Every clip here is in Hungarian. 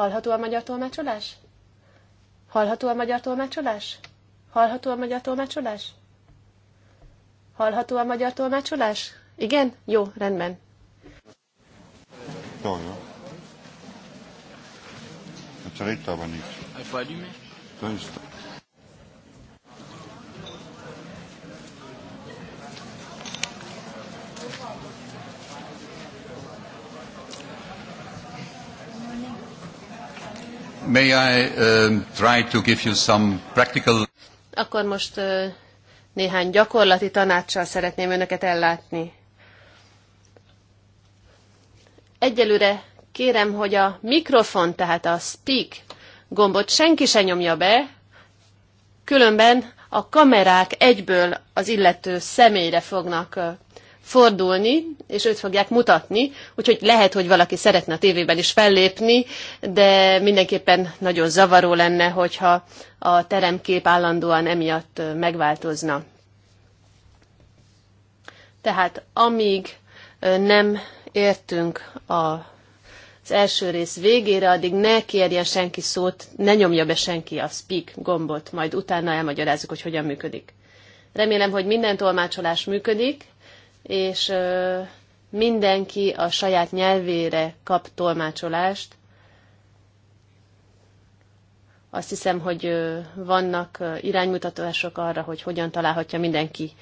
Hallható a magyar tolmácsolás? Hallható a magyar tolmácsolás? Hallható a magyar tolmácsolás? Hallható a magyar tolmácsolás? Igen? Jó, rendben. Jó, jó. Hát itt van itt. Hát vagy may I um, try to give you some practical... Akkor most uh, néhány gyakorlati tanácssal szeretném önöket ellátni. Egyelőre kérem, hogy a mikrofon, tehát a speak gombot senki se nyomja be, különben a kamerák egyből az illető személyre fognak uh, fordulni, és őt fogják mutatni, úgyhogy lehet, hogy valaki szeretne a tévében is fellépni, de mindenképpen nagyon zavaró lenne, hogyha a teremkép állandóan emiatt megváltozna. Tehát amíg nem értünk a az első rész végére, addig ne kérjen senki szót, ne nyomja be senki a speak gombot, majd utána elmagyarázzuk, hogy hogyan működik. Remélem, hogy minden tolmácsolás működik és mindenki a saját nyelvére kap tolmácsolást. Azt hiszem, hogy vannak iránymutatások arra, hogy hogyan találhatja mindenki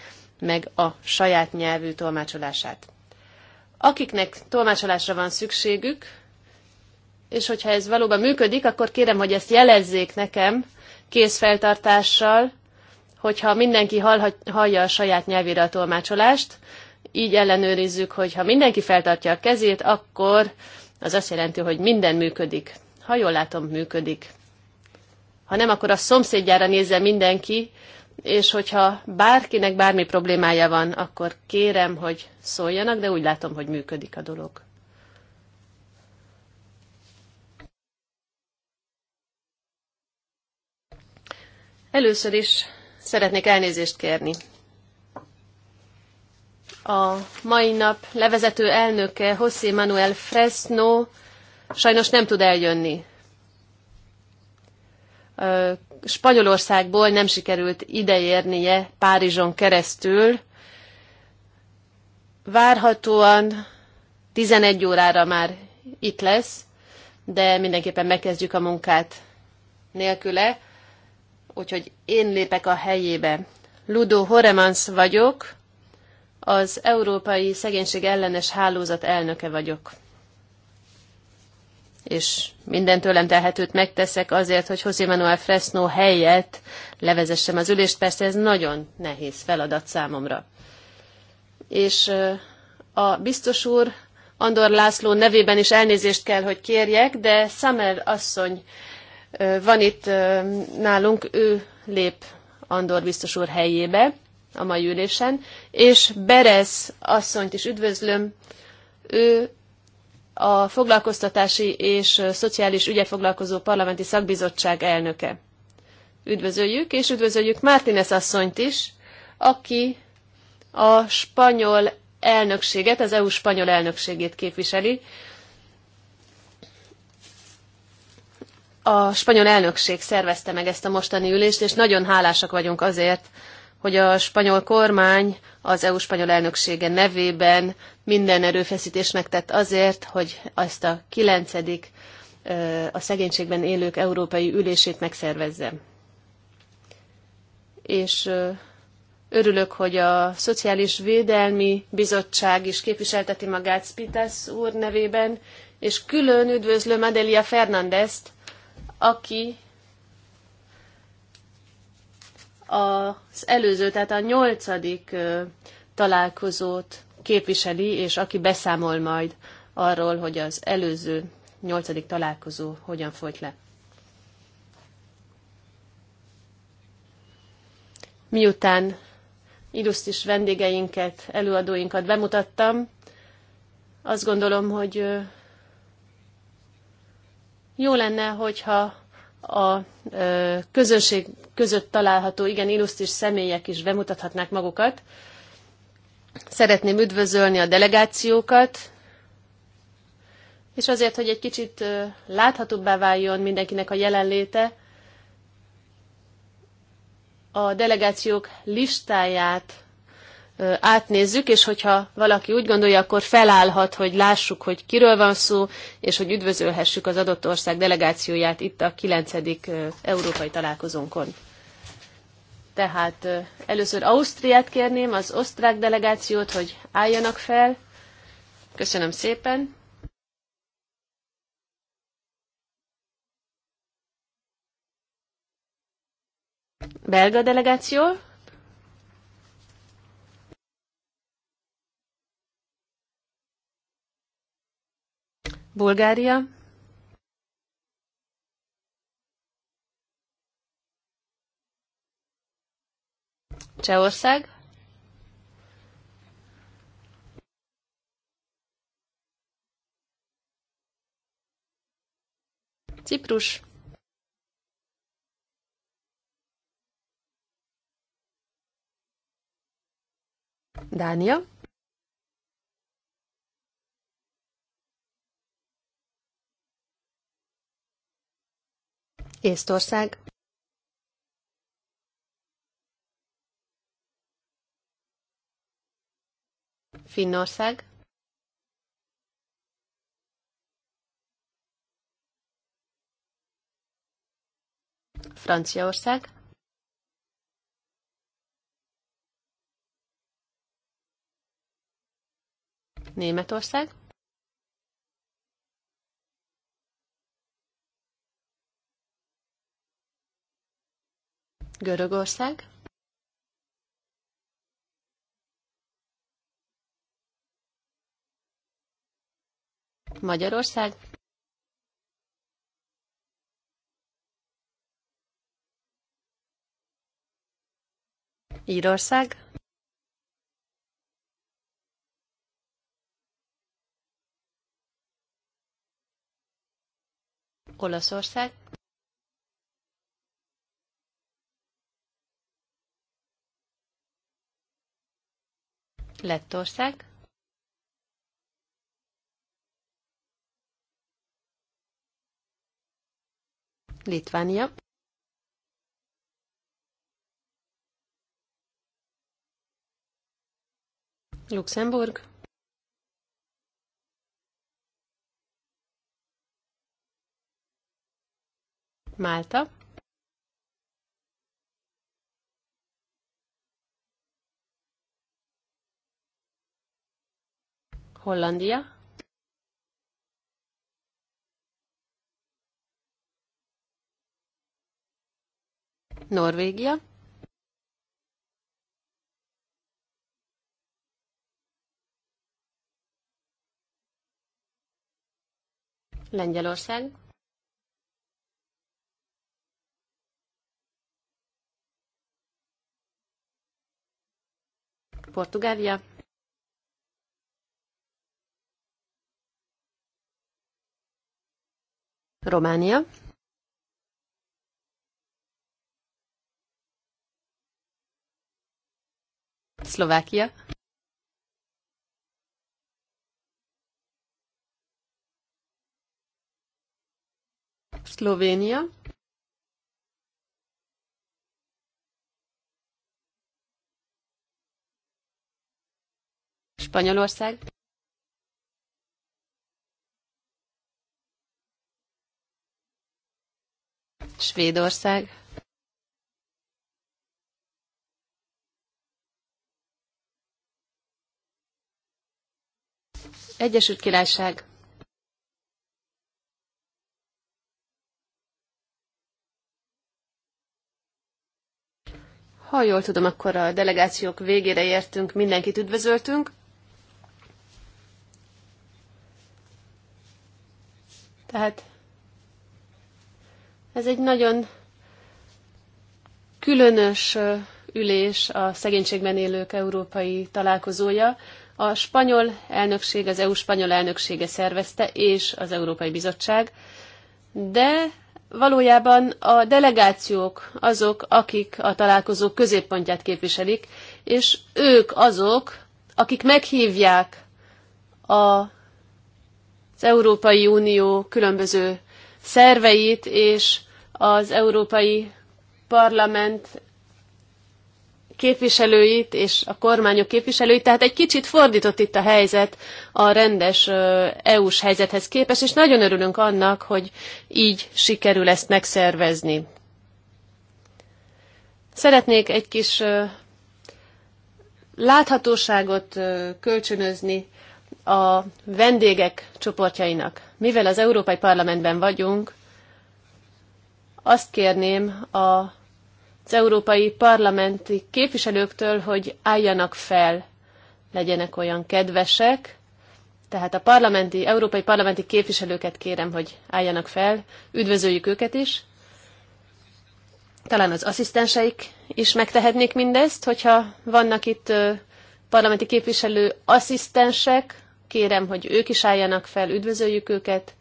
meg a saját nyelvű tolmácsolását. Akiknek tolmácsolásra van szükségük, és hogyha ez valóban működik, akkor kérem, hogy ezt jelezzék nekem kézfeltartással, hogyha mindenki hallhat, hallja a saját nyelvére a tolmácsolást, így ellenőrizzük, hogy ha mindenki feltartja a kezét, akkor az azt jelenti, hogy minden működik. Ha jól látom, működik. Ha nem, akkor a szomszédjára nézze mindenki, és hogyha bárkinek bármi problémája van, akkor kérem, hogy szóljanak, de úgy látom, hogy működik a dolog. Először is szeretnék elnézést kérni a mai nap levezető elnöke José Manuel Fresno sajnos nem tud eljönni. Spanyolországból nem sikerült ideérnie Párizson keresztül. Várhatóan 11 órára már itt lesz, de mindenképpen megkezdjük a munkát nélküle, úgyhogy én lépek a helyébe. Ludo Horemans vagyok, az Európai Szegénység Ellenes Hálózat elnöke vagyok. És minden tőlem telhetőt megteszek azért, hogy José Manuel Fresno helyett levezessem az ülést. Persze ez nagyon nehéz feladat számomra. És a biztos úr Andor László nevében is elnézést kell, hogy kérjek, de Samer asszony van itt nálunk, ő lép Andor biztos úr helyébe, a mai ülésen, és Berez asszonyt is üdvözlöm. Ő a foglalkoztatási és szociális ügyek foglalkozó parlamenti szakbizottság elnöke. Üdvözöljük, és üdvözöljük Mártinez asszonyt is, aki a spanyol elnökséget, az EU spanyol elnökségét képviseli. A spanyol elnökség szervezte meg ezt a mostani ülést, és nagyon hálásak vagyunk azért, hogy a spanyol kormány az EU spanyol elnöksége nevében minden erőfeszítést megtett azért, hogy ezt a kilencedik a szegénységben élők európai ülését megszervezze. És örülök, hogy a Szociális Védelmi Bizottság is képviselteti magát Spitas úr nevében, és külön üdvözlöm Adelia Fernandezt, aki az előző, tehát a nyolcadik találkozót képviseli, és aki beszámol majd arról, hogy az előző nyolcadik találkozó hogyan folyt le. Miután illusztis vendégeinket, előadóinkat bemutattam, azt gondolom, hogy jó lenne, hogyha a közönség között található igen illusztris személyek is bemutathatnák magukat. Szeretném üdvözölni a delegációkat, és azért, hogy egy kicsit láthatóbbá váljon mindenkinek a jelenléte, a delegációk listáját átnézzük, és hogyha valaki úgy gondolja, akkor felállhat, hogy lássuk, hogy kiről van szó, és hogy üdvözölhessük az adott ország delegációját itt a 9. európai találkozónkon. Tehát először Ausztriát kérném, az osztrák delegációt, hogy álljanak fel. Köszönöm szépen. Belga delegáció. Bulgária, Csehország, Ciprus, Dánia, Észtország Finnország Franciaország Németország Görögország. Magyarország. Írország. Olaszország. Lettország. Litvánia. Luxemburg. Malta. Hollandia. Norvégia. Lengyelország. Portugália. Románia Szlovákia Szlovénia Spanyolország Svédország. Egyesült Királyság. Ha jól tudom, akkor a delegációk végére értünk, mindenkit üdvözöltünk. Tehát ez egy nagyon különös ülés a szegénységben élők európai találkozója. A spanyol elnökség, az EU spanyol elnöksége szervezte, és az Európai Bizottság, de valójában a delegációk azok, akik a találkozók középpontját képviselik, és ők azok, akik meghívják a, az Európai Unió különböző szerveit és az Európai Parlament képviselőit és a kormányok képviselőit, tehát egy kicsit fordított itt a helyzet a rendes EU-s helyzethez képest, és nagyon örülünk annak, hogy így sikerül ezt megszervezni. Szeretnék egy kis láthatóságot kölcsönözni a vendégek csoportjainak. Mivel az Európai Parlamentben vagyunk, azt kérném a, az európai parlamenti képviselőktől, hogy álljanak fel, legyenek olyan kedvesek. Tehát a parlamenti, európai parlamenti képviselőket kérem, hogy álljanak fel, üdvözöljük őket is. Talán az asszisztenseik is megtehetnék mindezt, hogyha vannak itt parlamenti képviselő asszisztensek, Kérem, hogy ők is álljanak fel, üdvözöljük őket.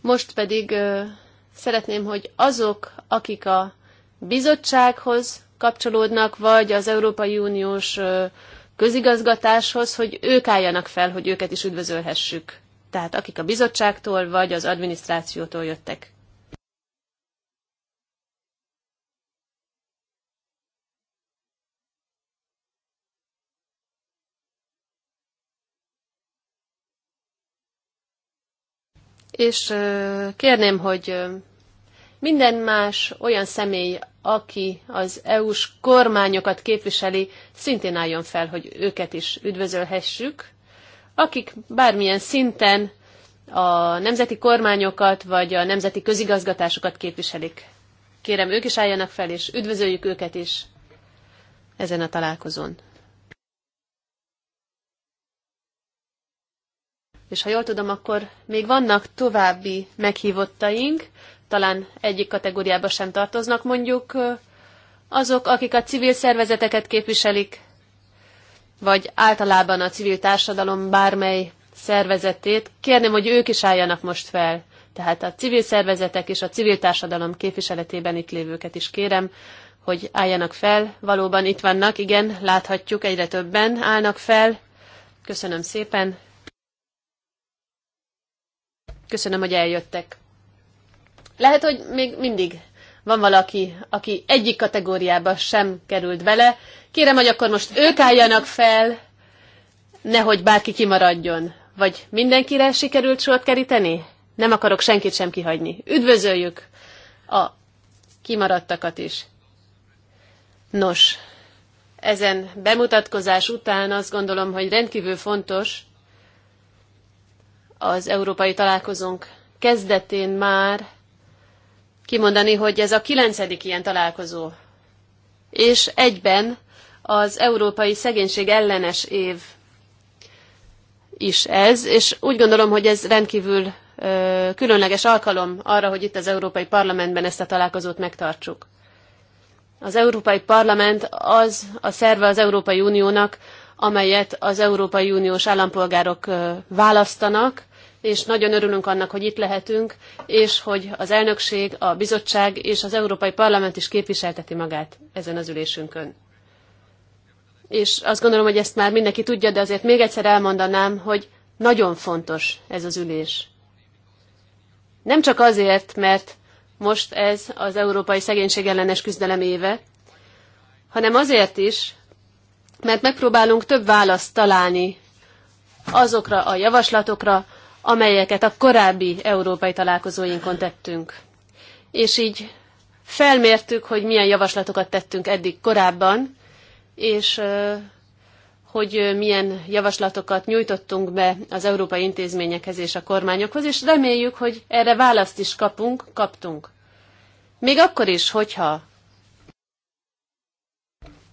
Most pedig ö, szeretném, hogy azok, akik a bizottsághoz kapcsolódnak, vagy az Európai Uniós ö, közigazgatáshoz, hogy ők álljanak fel, hogy őket is üdvözölhessük. Tehát akik a bizottságtól vagy az adminisztrációtól jöttek. és kérném, hogy minden más olyan személy, aki az EU-s kormányokat képviseli, szintén álljon fel, hogy őket is üdvözölhessük, akik bármilyen szinten a nemzeti kormányokat vagy a nemzeti közigazgatásokat képviselik. Kérem, ők is álljanak fel, és üdvözöljük őket is ezen a találkozón. És ha jól tudom, akkor még vannak további meghívottaink, talán egyik kategóriába sem tartoznak mondjuk azok, akik a civil szervezeteket képviselik, vagy általában a civil társadalom bármely szervezetét. Kérném, hogy ők is álljanak most fel. Tehát a civil szervezetek és a civil társadalom képviseletében itt lévőket is kérem, hogy álljanak fel. Valóban itt vannak, igen, láthatjuk, egyre többen állnak fel. Köszönöm szépen. Köszönöm, hogy eljöttek. Lehet, hogy még mindig van valaki, aki egyik kategóriába sem került bele. Kérem, hogy akkor most ők álljanak fel, nehogy bárki kimaradjon. Vagy mindenkire sikerült sort keríteni? Nem akarok senkit sem kihagyni. Üdvözöljük a kimaradtakat is. Nos, ezen bemutatkozás után azt gondolom, hogy rendkívül fontos, az európai találkozónk kezdetén már kimondani, hogy ez a kilencedik ilyen találkozó, és egyben az európai szegénység ellenes év is ez, és úgy gondolom, hogy ez rendkívül ö, különleges alkalom arra, hogy itt az Európai Parlamentben ezt a találkozót megtartsuk. Az Európai Parlament az a szerve az Európai Uniónak, amelyet az Európai Uniós állampolgárok választanak, és nagyon örülünk annak, hogy itt lehetünk, és hogy az elnökség, a bizottság és az Európai Parlament is képviselteti magát ezen az ülésünkön. És azt gondolom, hogy ezt már mindenki tudja, de azért még egyszer elmondanám, hogy nagyon fontos ez az ülés. Nem csak azért, mert most ez az Európai Szegénység ellenes küzdelem éve, hanem azért is, mert megpróbálunk több választ találni azokra a javaslatokra, amelyeket a korábbi európai találkozóinkon tettünk. És így felmértük, hogy milyen javaslatokat tettünk eddig korábban, és hogy milyen javaslatokat nyújtottunk be az európai intézményekhez és a kormányokhoz, és reméljük, hogy erre választ is kapunk, kaptunk. Még akkor is, hogyha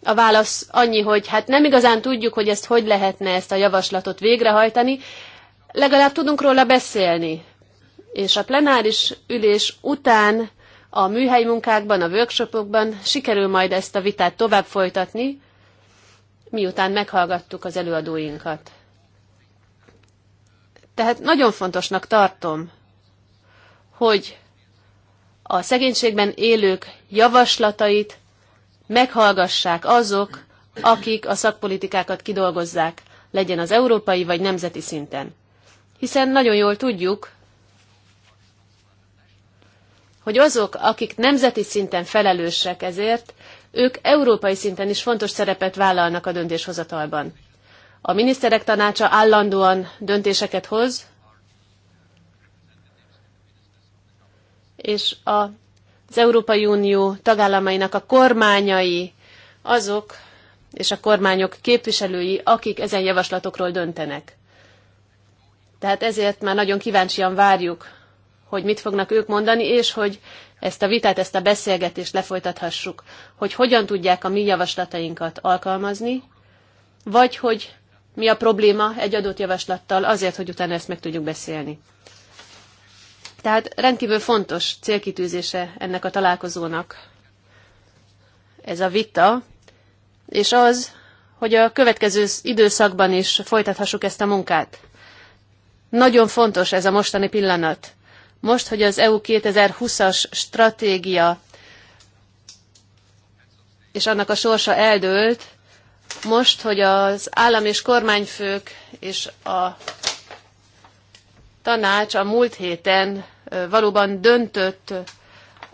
a válasz annyi, hogy hát nem igazán tudjuk, hogy ezt hogy lehetne ezt a javaslatot végrehajtani, legalább tudunk róla beszélni. És a plenáris ülés után a műhely munkákban, a workshopokban sikerül majd ezt a vitát tovább folytatni, miután meghallgattuk az előadóinkat. Tehát nagyon fontosnak tartom, hogy a szegénységben élők javaslatait meghallgassák azok, akik a szakpolitikákat kidolgozzák, legyen az európai vagy nemzeti szinten hiszen nagyon jól tudjuk, hogy azok, akik nemzeti szinten felelősek ezért, ők európai szinten is fontos szerepet vállalnak a döntéshozatalban. A miniszterek tanácsa állandóan döntéseket hoz, és az Európai Unió tagállamainak a kormányai azok, és a kormányok képviselői, akik ezen javaslatokról döntenek. Tehát ezért már nagyon kíváncsian várjuk, hogy mit fognak ők mondani, és hogy ezt a vitát, ezt a beszélgetést lefolytathassuk, hogy hogyan tudják a mi javaslatainkat alkalmazni, vagy hogy mi a probléma egy adott javaslattal, azért, hogy utána ezt meg tudjuk beszélni. Tehát rendkívül fontos célkitűzése ennek a találkozónak ez a vita, és az, hogy a következő időszakban is folytathassuk ezt a munkát. Nagyon fontos ez a mostani pillanat. Most, hogy az EU 2020-as stratégia és annak a sorsa eldőlt, most, hogy az állam és kormányfők és a tanács a múlt héten valóban döntött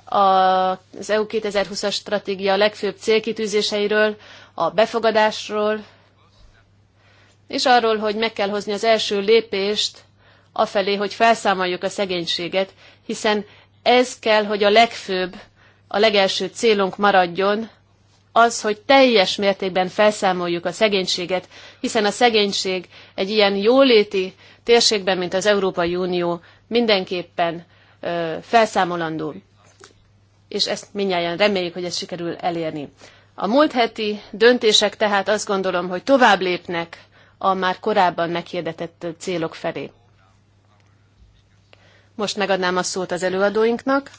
az EU 2020-as stratégia legfőbb célkitűzéseiről, a befogadásról, és arról, hogy meg kell hozni az első lépést afelé, hogy felszámoljuk a szegénységet, hiszen ez kell, hogy a legfőbb, a legelső célunk maradjon, az, hogy teljes mértékben felszámoljuk a szegénységet, hiszen a szegénység egy ilyen jóléti térségben, mint az Európai Unió mindenképpen ö, felszámolandó. És ezt mindjárt reméljük, hogy ezt sikerül elérni. A múlt heti döntések tehát azt gondolom, hogy tovább lépnek a már korábban meghirdetett célok felé. Most megadnám a szót az előadóinknak.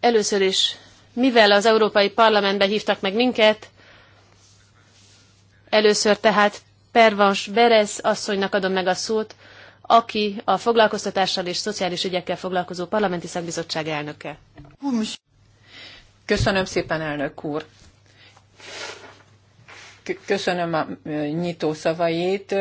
Először is, mivel az Európai Parlamentbe hívtak meg minket, először tehát Pervans Berez asszonynak adom meg a szót, aki a foglalkoztatással és szociális ügyekkel foglalkozó parlamenti szakbizottság elnöke. Köszönöm szépen, elnök úr! Köszönöm a nyitó szavait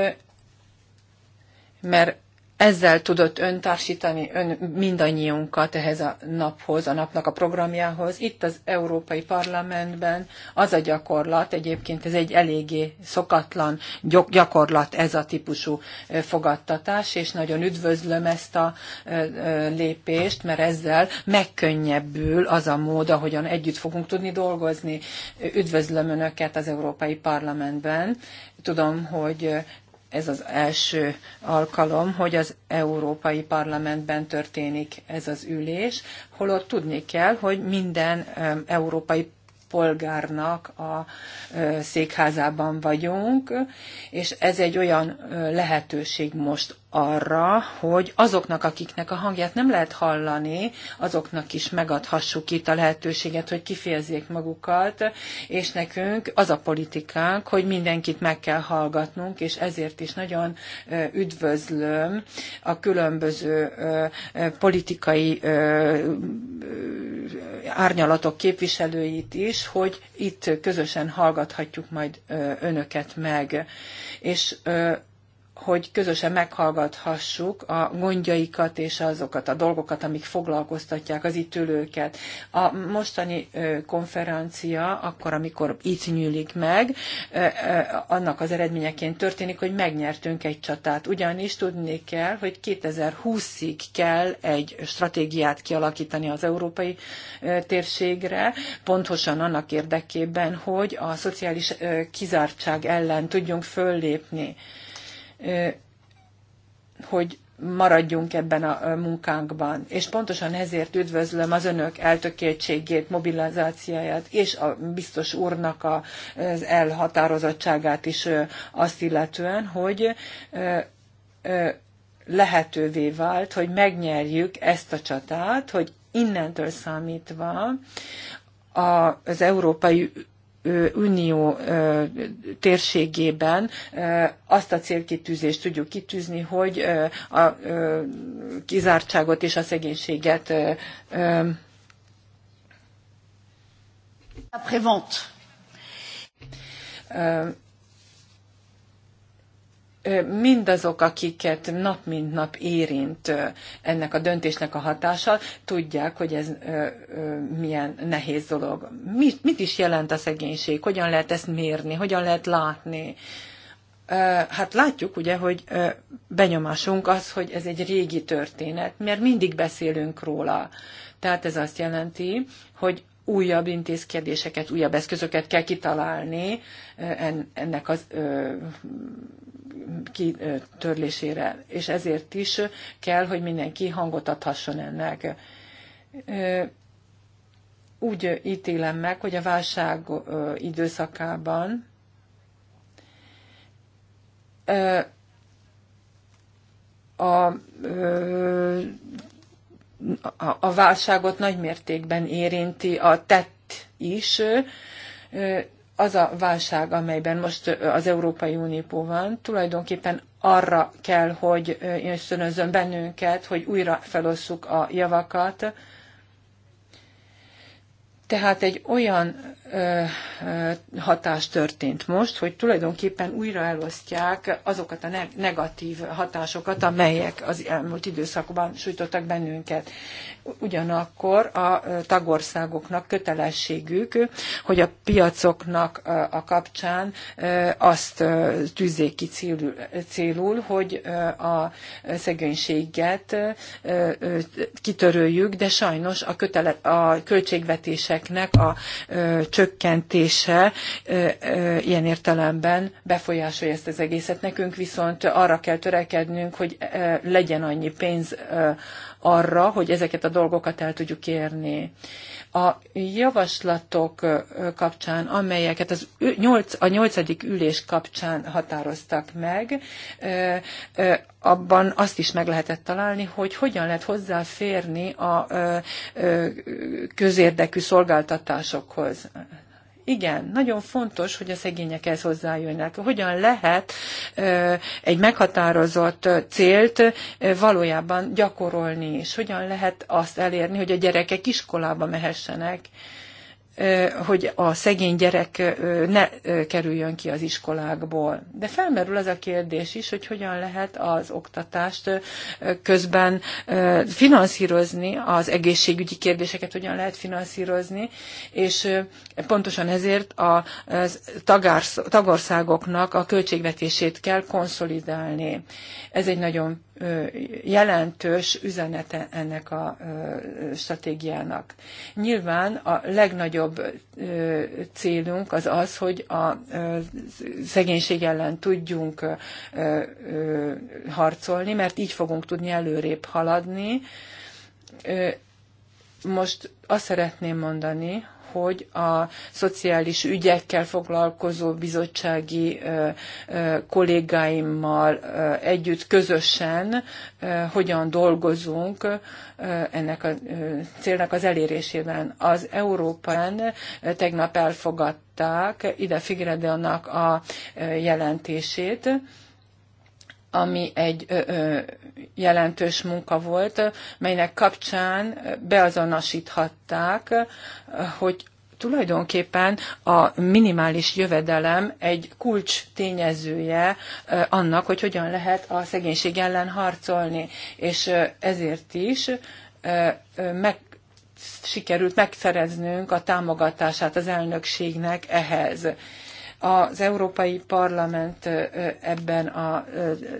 mert ezzel tudott ön társítani ön mindannyiunkat ehhez a naphoz, a napnak a programjához. Itt az Európai Parlamentben az a gyakorlat, egyébként ez egy eléggé szokatlan gyakorlat ez a típusú fogadtatás, és nagyon üdvözlöm ezt a lépést, mert ezzel megkönnyebbül az a mód, ahogyan együtt fogunk tudni dolgozni. Üdvözlöm Önöket az Európai Parlamentben. Tudom, hogy ez az első alkalom, hogy az Európai Parlamentben történik ez az ülés, holott tudni kell, hogy minden európai polgárnak a székházában vagyunk, és ez egy olyan lehetőség most arra, hogy azoknak, akiknek a hangját nem lehet hallani, azoknak is megadhassuk itt a lehetőséget, hogy kifejezzék magukat, és nekünk az a politikánk, hogy mindenkit meg kell hallgatnunk, és ezért is nagyon üdvözlöm a különböző politikai árnyalatok képviselőit is, hogy itt közösen hallgathatjuk majd önöket meg. És hogy közösen meghallgathassuk a gondjaikat és azokat a dolgokat, amik foglalkoztatják az itt ülőket. A mostani konferencia, akkor, amikor itt nyílik meg, annak az eredményeként történik, hogy megnyertünk egy csatát. Ugyanis tudni kell, hogy 2020-ig kell egy stratégiát kialakítani az európai térségre, pontosan annak érdekében, hogy a szociális kizártság ellen tudjunk föllépni hogy maradjunk ebben a munkánkban. És pontosan ezért üdvözlöm az önök eltökéltségét, mobilizációját, és a biztos úrnak az elhatározottságát is azt illetően, hogy lehetővé vált, hogy megnyerjük ezt a csatát, hogy innentől számítva az Európai Unió térségében azt a célkitűzést tudjuk kitűzni, hogy a kizártságot és a szegénységet a mindazok, akiket nap mint nap érint ennek a döntésnek a hatása, tudják, hogy ez milyen nehéz dolog. Mit, mit is jelent a szegénység? Hogyan lehet ezt mérni? Hogyan lehet látni? Hát látjuk ugye, hogy benyomásunk az, hogy ez egy régi történet, mert mindig beszélünk róla. Tehát ez azt jelenti, hogy újabb intézkedéseket, újabb eszközöket kell kitalálni ennek az kitörlésére. És ezért is kell, hogy mindenki hangot adhasson ennek. Úgy ítélem meg, hogy a válság időszakában a a, a válságot mértékben érinti a tett is. Az a válság, amelyben most az Európai Unió van, tulajdonképpen arra kell, hogy ösztönözzön bennünket, hogy újra felosszuk a javakat. Tehát egy olyan hatás történt most, hogy tulajdonképpen újra elosztják azokat a negatív hatásokat, amelyek az elmúlt időszakban sújtottak bennünket. Ugyanakkor a tagországoknak kötelességük, hogy a piacoknak a kapcsán azt tűzzék ki célul, célul hogy a szegénységet kitöröljük, de sajnos a, kötele, a költségvetéseknek a csökkentése ilyen értelemben befolyásolja ezt az egészet. Nekünk viszont arra kell törekednünk, hogy legyen annyi pénz arra, hogy ezeket a dolgokat el tudjuk érni. A javaslatok kapcsán, amelyeket az 8, a nyolcadik ülés kapcsán határoztak meg, abban azt is meg lehetett találni, hogy hogyan lehet hozzáférni a közérdekű szolgáltatásokhoz. Igen, nagyon fontos, hogy a szegényekhez hozzájönnek. Hogyan lehet egy meghatározott célt valójában gyakorolni, és hogyan lehet azt elérni, hogy a gyerekek iskolába mehessenek hogy a szegény gyerek ne kerüljön ki az iskolákból. De felmerül az a kérdés is, hogy hogyan lehet az oktatást közben finanszírozni, az egészségügyi kérdéseket hogyan lehet finanszírozni, és pontosan ezért a tagországoknak a költségvetését kell konszolidálni. Ez egy nagyon jelentős üzenete ennek a stratégiának. Nyilván a legnagyobb célunk az az, hogy a szegénység ellen tudjunk harcolni, mert így fogunk tudni előrébb haladni. Most azt szeretném mondani, hogy a szociális ügyekkel foglalkozó bizottsági kollégáimmal együtt közösen hogyan dolgozunk ennek a célnak az elérésében. Az Európán tegnap elfogadták ide Figredeannak a jelentését, ami egy ö, ö, jelentős munka volt, melynek kapcsán beazonosíthatták, hogy tulajdonképpen a minimális jövedelem egy kulcs tényezője annak, hogy hogyan lehet a szegénység ellen harcolni, és ezért is meg sikerült megszereznünk a támogatását az elnökségnek ehhez. Az Európai Parlament ebben a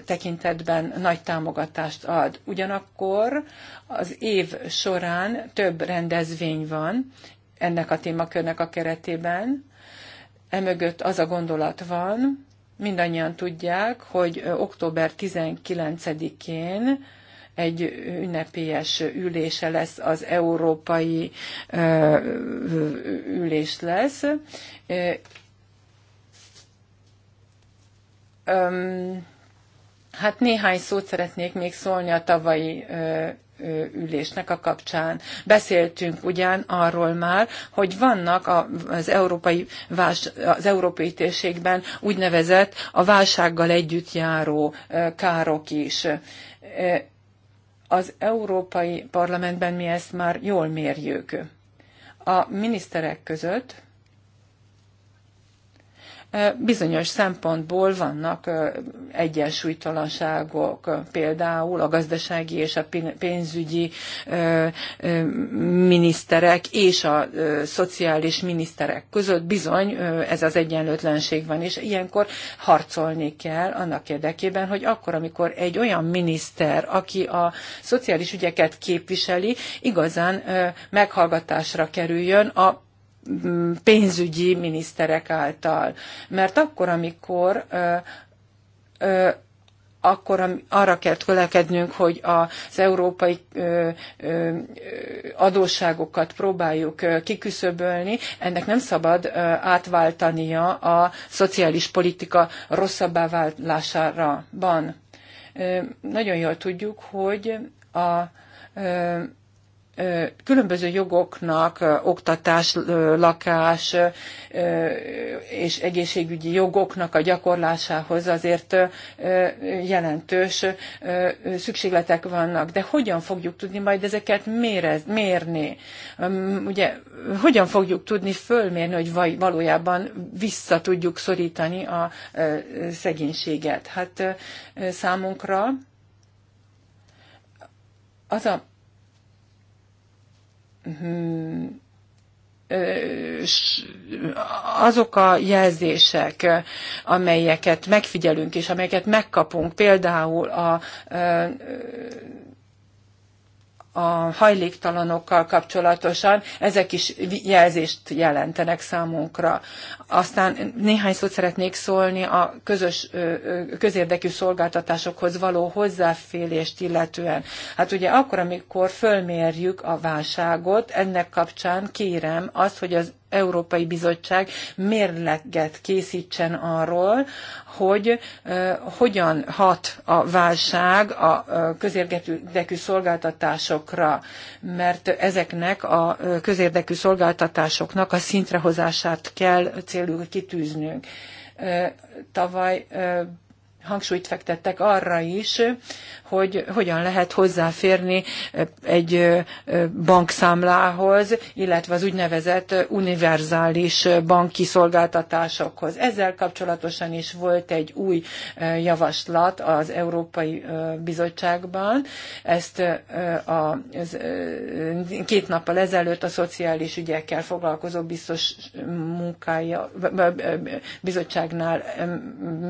tekintetben nagy támogatást ad. Ugyanakkor az év során több rendezvény van ennek a témakörnek a keretében. Emögött az a gondolat van, mindannyian tudják, hogy október 19-én egy ünnepélyes ülése lesz, az európai ülés lesz, Öm, hát néhány szót szeretnék még szólni a tavalyi ö, ülésnek a kapcsán. Beszéltünk ugyan arról már, hogy vannak az európai, vás, az európai térségben úgynevezett a válsággal együtt járó károk is. Az Európai Parlamentben mi ezt már jól mérjük. A miniszterek között Bizonyos szempontból vannak egyensúlytalanságok, például a gazdasági és a pénzügyi miniszterek és a szociális miniszterek között bizony ez az egyenlőtlenség van, és ilyenkor harcolni kell annak érdekében, hogy akkor, amikor egy olyan miniszter, aki a szociális ügyeket képviseli, igazán meghallgatásra kerüljön a pénzügyi miniszterek által. Mert akkor, amikor akkor arra kell tölekednünk, hogy az európai adósságokat próbáljuk kiküszöbölni. Ennek nem szabad átváltania a szociális politika rosszabbá válására. Nagyon jól tudjuk, hogy a különböző jogoknak, oktatás, lakás és egészségügyi jogoknak a gyakorlásához azért jelentős szükségletek vannak. De hogyan fogjuk tudni majd ezeket mérez, mérni? Ugye, hogyan fogjuk tudni fölmérni, hogy valójában vissza tudjuk szorítani a szegénységet? Hát számunkra az a azok a jelzések, amelyeket megfigyelünk és amelyeket megkapunk, például a a hajléktalanokkal kapcsolatosan, ezek is jelzést jelentenek számunkra. Aztán néhány szót szeretnék szólni a közös közérdekű szolgáltatásokhoz való hozzáférést illetően. Hát ugye akkor, amikor fölmérjük a válságot, ennek kapcsán kérem azt, hogy az Európai Bizottság mérleget készítsen arról, hogy hogyan hat a válság a közérdekű szolgáltatásokra, mert ezeknek a közérdekű szolgáltatásoknak a szintrehozását kell célul kitűznünk. Tavaly hangsúlyt fektettek arra is, hogy hogyan lehet hozzáférni egy bankszámlához, illetve az úgynevezett univerzális banki szolgáltatásokhoz. Ezzel kapcsolatosan is volt egy új javaslat az Európai Bizottságban. Ezt a, két nappal ezelőtt a szociális ügyekkel foglalkozó biztos munkája, bizottságnál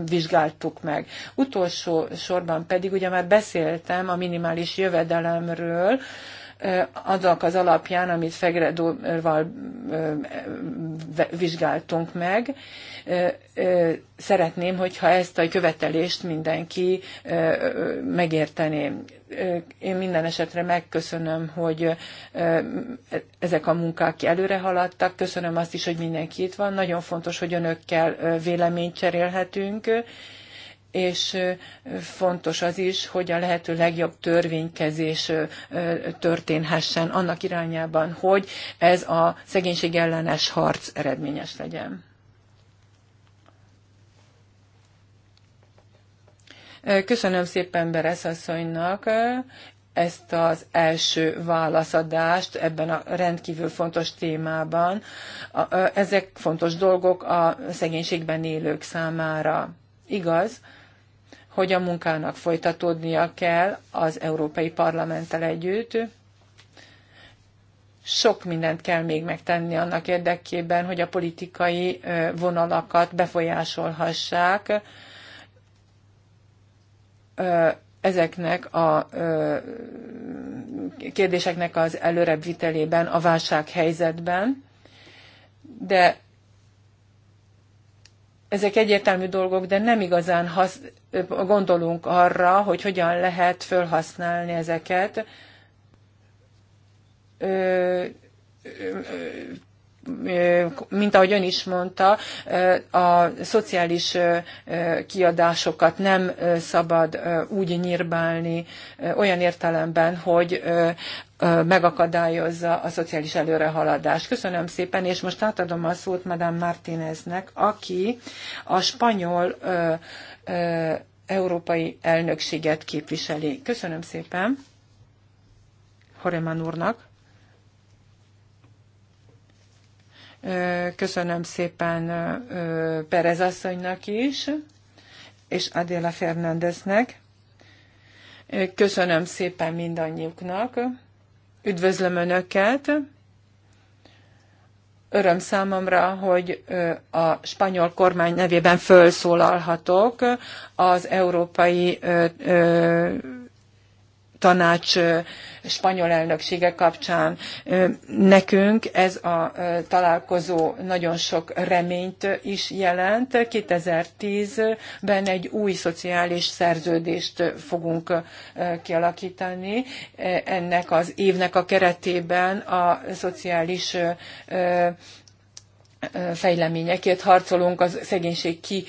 vizsgáltuk meg meg. Utolsó sorban pedig ugye már beszéltem a minimális jövedelemről, azok az alapján, amit Fegredóval vizsgáltunk meg. Szeretném, hogyha ezt a követelést mindenki megértené. Én minden esetre megköszönöm, hogy e-, ezek a munkák előre haladtak. Köszönöm azt is, hogy mindenki itt van. Nagyon fontos, hogy önökkel véleményt cserélhetünk és fontos az is, hogy a lehető legjobb törvénykezés történhessen annak irányában, hogy ez a szegénység ellenes harc eredményes legyen. Köszönöm szépen Beresz asszonynak ezt az első válaszadást ebben a rendkívül fontos témában. Ezek fontos dolgok a szegénységben élők számára. Igaz, hogy a munkának folytatódnia kell az Európai Parlamenttel együtt. Sok mindent kell még megtenni annak érdekében, hogy a politikai vonalakat befolyásolhassák ezeknek a kérdéseknek az előrebb vitelében, a válsághelyzetben, de ezek egyértelmű dolgok, de nem igazán hasz, gondolunk arra, hogy hogyan lehet felhasználni ezeket mint ahogy ön is mondta, a szociális kiadásokat nem szabad úgy nyírbálni olyan értelemben, hogy megakadályozza a szociális előrehaladást. Köszönöm szépen, és most átadom a szót Madame Martineznek, aki a spanyol európai elnökséget képviseli. Köszönöm szépen Horeman úrnak. Köszönöm szépen Perez asszonynak is, és Adéla Fernándeznek. Köszönöm szépen mindannyiuknak. Üdvözlöm Önöket. Öröm számomra, hogy a spanyol kormány nevében felszólalhatok az európai tanács spanyol elnöksége kapcsán nekünk ez a találkozó nagyon sok reményt is jelent. 2010-ben egy új szociális szerződést fogunk kialakítani. Ennek az évnek a keretében a szociális fejleményekért harcolunk az szegénység ki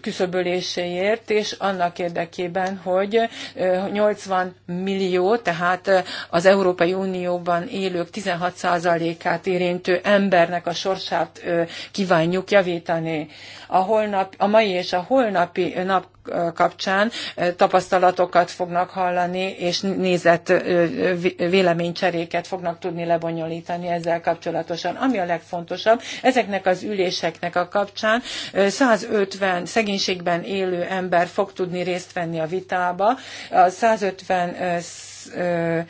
küszöböléséért, és annak érdekében, hogy 80 millió, tehát az Európai Unióban élők 16%-át érintő embernek a sorsát kívánjuk javítani. A, holnap, a mai és a holnapi nap kapcsán tapasztalatokat fognak hallani, és nézett véleménycseréket fognak tudni lebonyolítani ezzel kapcsolatosan. Ami a legfontosabb, ezeknek az üléseknek a kapcsán 150 szegénységben élő ember fog tudni részt venni a vitába. A 150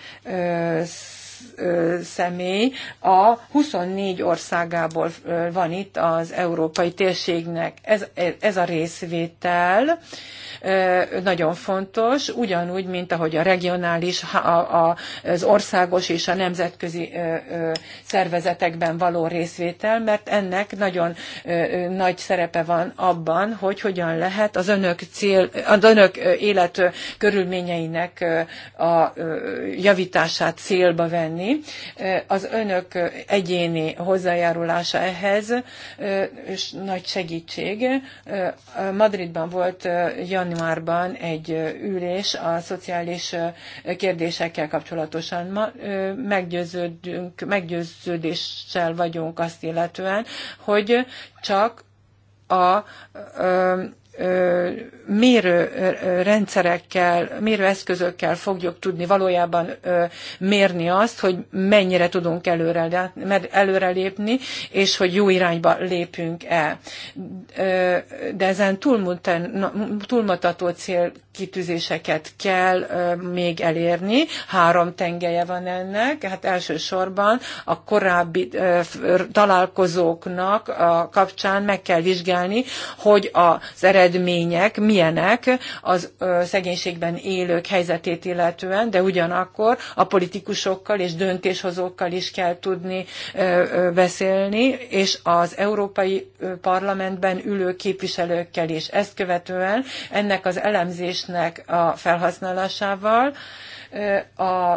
személy a 24 országából van itt az európai térségnek. Ez, ez a részvétel nagyon fontos, ugyanúgy, mint ahogy a regionális, az országos és a nemzetközi szervezetekben való részvétel, mert ennek nagyon nagy szerepe van abban, hogy hogyan lehet az önök, cél, az önök élet körülményeinek a javítását célba venni tenni. Az önök egyéni hozzájárulása ehhez és nagy segítség. Madridban volt januárban egy ülés a szociális kérdésekkel kapcsolatosan. Ma meggyőződünk, meggyőződéssel vagyunk azt illetően, hogy csak a mérő rendszerekkel, mérőeszközökkel fogjuk tudni valójában mérni azt, hogy mennyire tudunk előre, előrelépni, és hogy jó irányba lépünk el. De ezen túlmutató célkitűzéseket kell még elérni. Három tengelye van ennek. Hát elsősorban a korábbi találkozóknak a kapcsán meg kell vizsgálni, hogy az eredmények eredmények milyenek az szegénységben élők helyzetét illetően, de ugyanakkor a politikusokkal és döntéshozókkal is kell tudni beszélni, és az Európai Parlamentben ülő képviselőkkel is. Ezt követően ennek az elemzésnek a felhasználásával a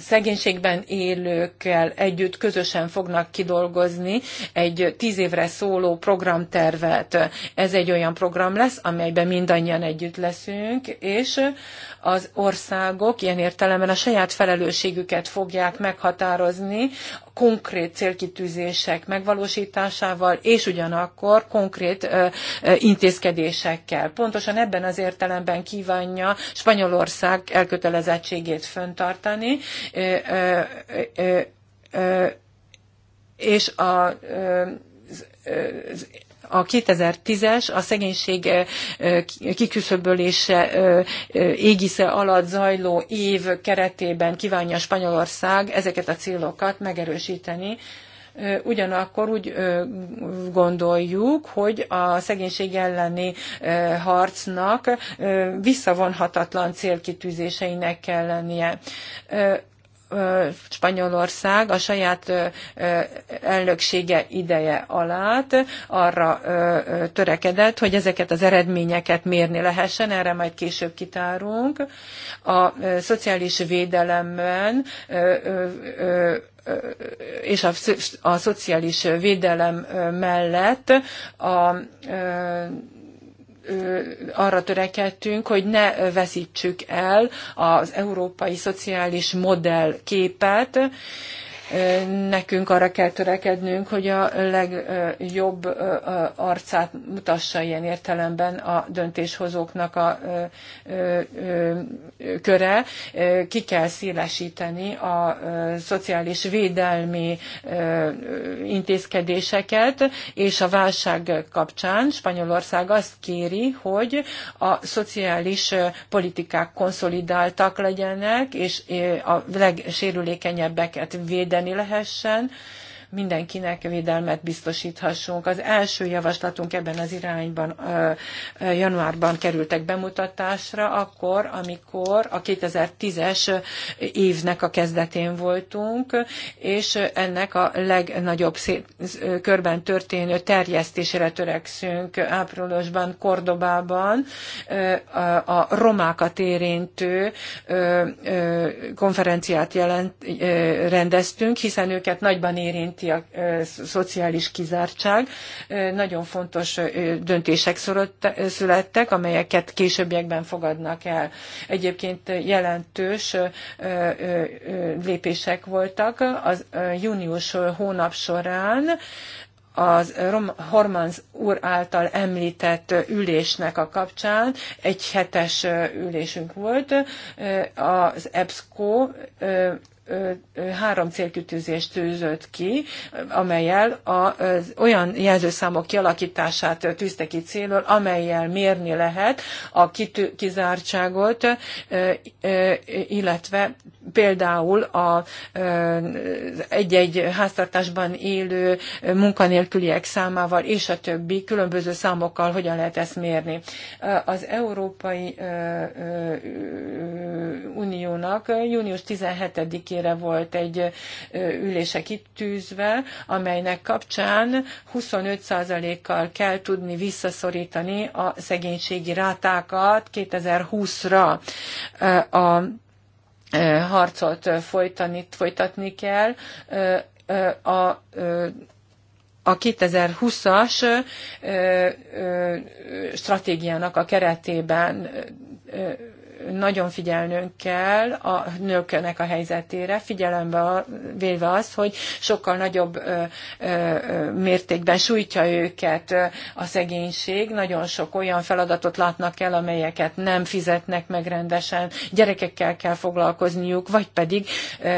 szegénységben élőkkel együtt közösen fognak kidolgozni egy tíz évre szóló programtervet. Ez egy olyan program lesz, amelyben mindannyian együtt leszünk, és az országok ilyen értelemben a saját felelősségüket fogják meghatározni konkrét célkitűzések megvalósításával, és ugyanakkor konkrét ö, ö, intézkedésekkel. Pontosan ebben az értelemben kívánja Spanyolország elkötelezettségét föntartani, és a, a 2010-es a szegénység kiküszöbölése égisze alatt zajló év keretében kívánja Spanyolország ezeket a célokat megerősíteni. Ugyanakkor úgy gondoljuk, hogy a szegénység elleni harcnak visszavonhatatlan célkitűzéseinek kell lennie. Spanyolország a saját elnöksége ideje alatt arra törekedett, hogy ezeket az eredményeket mérni lehessen, erre majd később kitárunk. A szociális védelemben és a, a szociális védelem mellett a arra törekedtünk, hogy ne veszítsük el az európai szociális modell képet, nekünk arra kell törekednünk, hogy a legjobb arcát mutassa ilyen értelemben a döntéshozóknak a köre. Ki kell szélesíteni a szociális védelmi intézkedéseket, és a válság kapcsán Spanyolország azt kéri, hogy a szociális politikák konszolidáltak legyenek, és a legsérülékenyebbeket védenek segíteni lehessen, mindenkinek védelmet biztosíthassunk. Az első javaslatunk ebben az irányban januárban kerültek bemutatásra, akkor, amikor a 2010-es évnek a kezdetén voltunk, és ennek a legnagyobb körben történő terjesztésére törekszünk áprilisban, Kordobában a romákat érintő konferenciát jelent, rendeztünk, hiszen őket nagyban érint érinti a szociális kizártság. Nagyon fontos döntések születtek, amelyeket későbbiekben fogadnak el. Egyébként jelentős lépések voltak az június hónap során, az Hormans úr által említett ülésnek a kapcsán egy hetes ülésünk volt. Az EBSCO három célkütőzést tűzött ki, amelyel a, olyan jelzőszámok kialakítását tűzte ki célul, amelyel mérni lehet a kitű, kizártságot, illetve például a, egy-egy háztartásban élő munkanélküliek számával és a többi különböző számokkal hogyan lehet ezt mérni. Az Európai Uniónak június 17-ére volt egy ülése kitűzve, amelynek kapcsán 25%-kal kell tudni visszaszorítani a szegénységi rátákat 2020-ra. A harcot folytani, folytatni kell. A a 2020-as stratégiának a keretében nagyon figyelnünk kell a nőknek a helyzetére, figyelembe véve az, hogy sokkal nagyobb mértékben sújtja őket a szegénység, nagyon sok olyan feladatot látnak el, amelyeket nem fizetnek meg rendesen, gyerekekkel kell foglalkozniuk, vagy pedig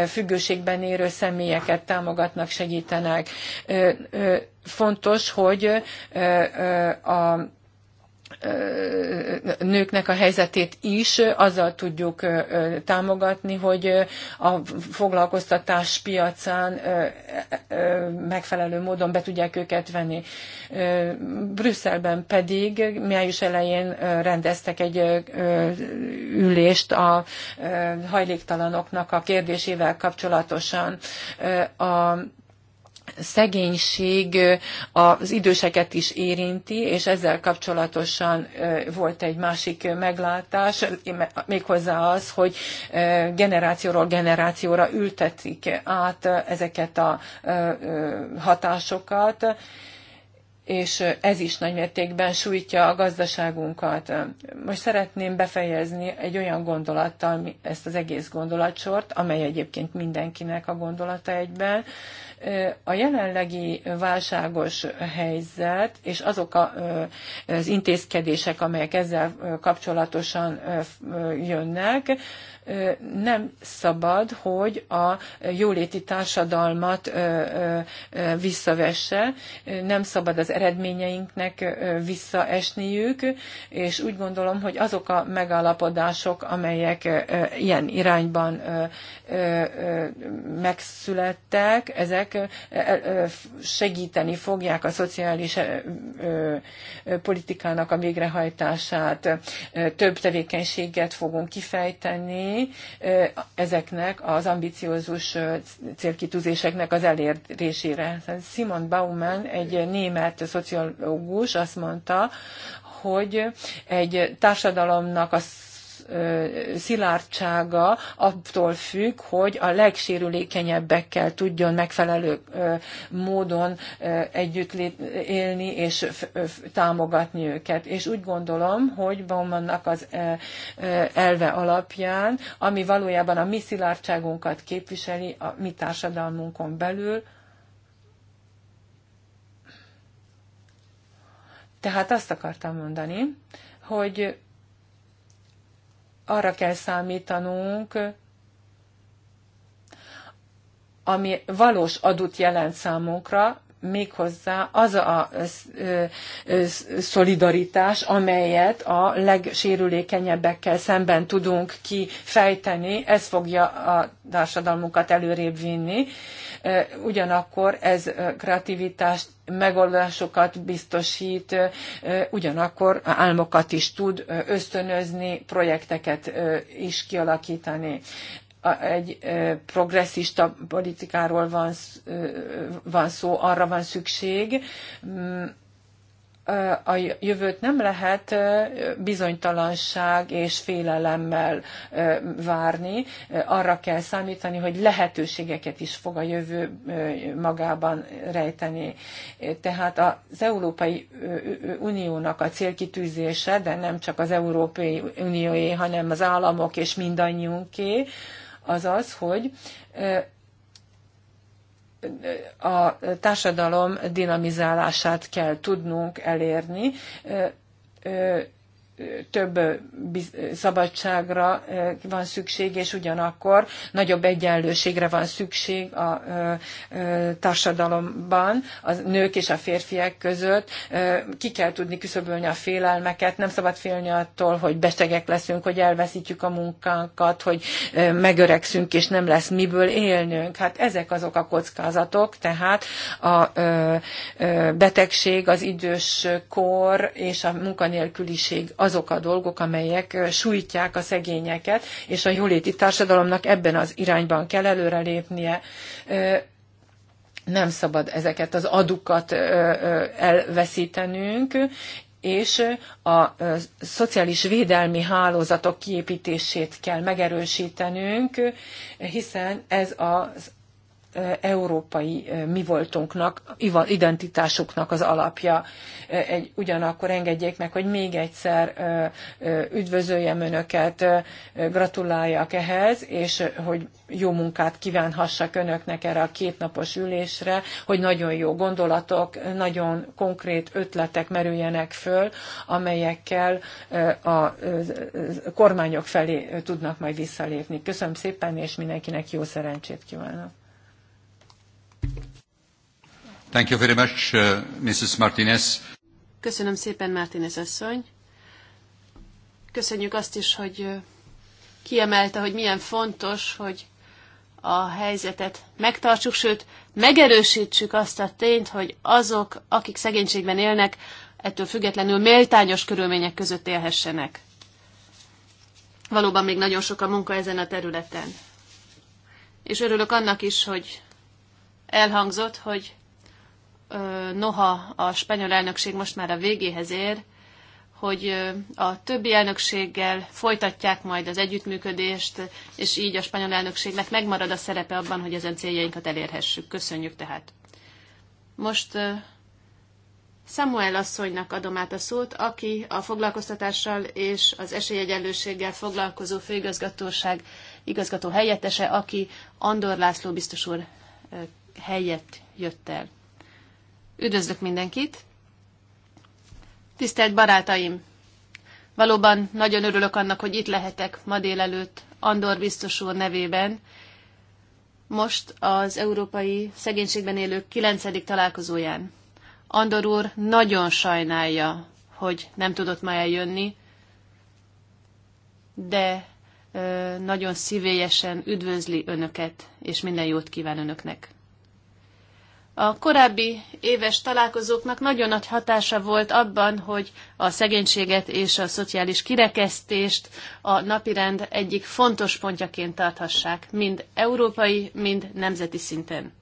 függőségben érő személyeket támogatnak, segítenek. Fontos, hogy a nőknek a helyzetét is azzal tudjuk támogatni, hogy a foglalkoztatás piacán megfelelő módon be tudják őket venni. Brüsszelben pedig május elején rendeztek egy ülést a hajléktalanoknak a kérdésével kapcsolatosan. A szegénység az időseket is érinti, és ezzel kapcsolatosan volt egy másik meglátás, méghozzá az, hogy generációról generációra ültetik át ezeket a hatásokat, és ez is nagymértékben sújtja a gazdaságunkat. Most szeretném befejezni egy olyan gondolattal ezt az egész gondolatsort, amely egyébként mindenkinek a gondolata egyben, a jelenlegi válságos helyzet és azok a, az intézkedések, amelyek ezzel kapcsolatosan jönnek, nem szabad, hogy a jóléti társadalmat visszavesse, nem szabad az eredményeinknek visszaesniük, és úgy gondolom, hogy azok a megállapodások, amelyek ilyen irányban megszülettek, ezek segíteni fogják a szociális politikának a végrehajtását, több tevékenységet fogunk kifejteni, segíteni ezeknek az ambiciózus célkitűzéseknek az elérésére. Hát Simon Baumann, egy német szociológus azt mondta, hogy egy társadalomnak a szilárdsága attól függ, hogy a legsérülékenyebbekkel tudjon megfelelő módon együtt élni és támogatni őket. És úgy gondolom, hogy vannak az elve alapján, ami valójában a mi szilárdságunkat képviseli a mi társadalmunkon belül, Tehát azt akartam mondani, hogy arra kell számítanunk, ami valós adót jelent számunkra, méghozzá az a szolidaritás, amelyet a legsérülékenyebbekkel szemben tudunk kifejteni, ez fogja a társadalmunkat előrébb vinni, ugyanakkor ez kreativitást, megoldásokat biztosít, ugyanakkor álmokat is tud ösztönözni, projekteket is kialakítani egy progresszista politikáról van, van szó, arra van szükség, a jövőt nem lehet bizonytalanság és félelemmel várni. Arra kell számítani, hogy lehetőségeket is fog a jövő magában rejteni. Tehát az Európai Uniónak a célkitűzése, de nem csak az Európai Unióé, hanem az államok és mindannyiunké, az az, hogy a társadalom dinamizálását kell tudnunk elérni, több szabadságra van szükség, és ugyanakkor nagyobb egyenlőségre van szükség a társadalomban, a nők és a férfiak között. Ki kell tudni küszöbölni a félelmeket, nem szabad félni attól, hogy betegek leszünk, hogy elveszítjük a munkánkat, hogy megöregszünk, és nem lesz miből élnünk. Hát ezek azok a kockázatok, tehát a betegség, az idős kor és a munkanélküliség azok a dolgok, amelyek sújtják a szegényeket, és a jóléti társadalomnak ebben az irányban kell előrelépnie. Nem szabad ezeket az adukat elveszítenünk, és a szociális védelmi hálózatok kiépítését kell megerősítenünk, hiszen ez az európai mi voltunknak, identitásuknak az alapja. Egy, ugyanakkor engedjék meg, hogy még egyszer üdvözöljem Önöket, gratuláljak ehhez, és hogy jó munkát kívánhassak Önöknek erre a kétnapos ülésre, hogy nagyon jó gondolatok, nagyon konkrét ötletek merüljenek föl, amelyekkel a kormányok felé tudnak majd visszalépni. Köszönöm szépen, és mindenkinek jó szerencsét kívánok! Thank you very much, uh, Mrs. Martinez. Köszönöm szépen, Martinez asszony. Köszönjük azt is, hogy uh, kiemelte, hogy milyen fontos, hogy a helyzetet megtartsuk, sőt, megerősítsük azt a tényt, hogy azok, akik szegénységben élnek, ettől függetlenül méltányos körülmények között élhessenek. Valóban még nagyon sok a munka ezen a területen. És örülök annak is, hogy elhangzott, hogy noha a spanyol elnökség most már a végéhez ér, hogy a többi elnökséggel folytatják majd az együttműködést, és így a spanyol elnökségnek megmarad a szerepe abban, hogy ezen céljainkat elérhessük. Köszönjük tehát. Most Samuel asszonynak adom át a szót, aki a foglalkoztatással és az esélyegyenlőséggel foglalkozó főigazgatóság igazgató helyettese, aki Andor László biztos úr helyett jött el. Üdvözlök mindenkit! Tisztelt barátaim! Valóban nagyon örülök annak, hogy itt lehetek ma délelőtt Andor biztos úr nevében. Most az Európai Szegénységben Élők 9. találkozóján. Andor úr nagyon sajnálja, hogy nem tudott ma eljönni, de nagyon szívélyesen üdvözli Önöket, és minden jót kíván Önöknek. A korábbi éves találkozóknak nagyon nagy hatása volt abban, hogy a szegénységet és a szociális kirekesztést a napirend egyik fontos pontjaként tarthassák, mind európai, mind nemzeti szinten.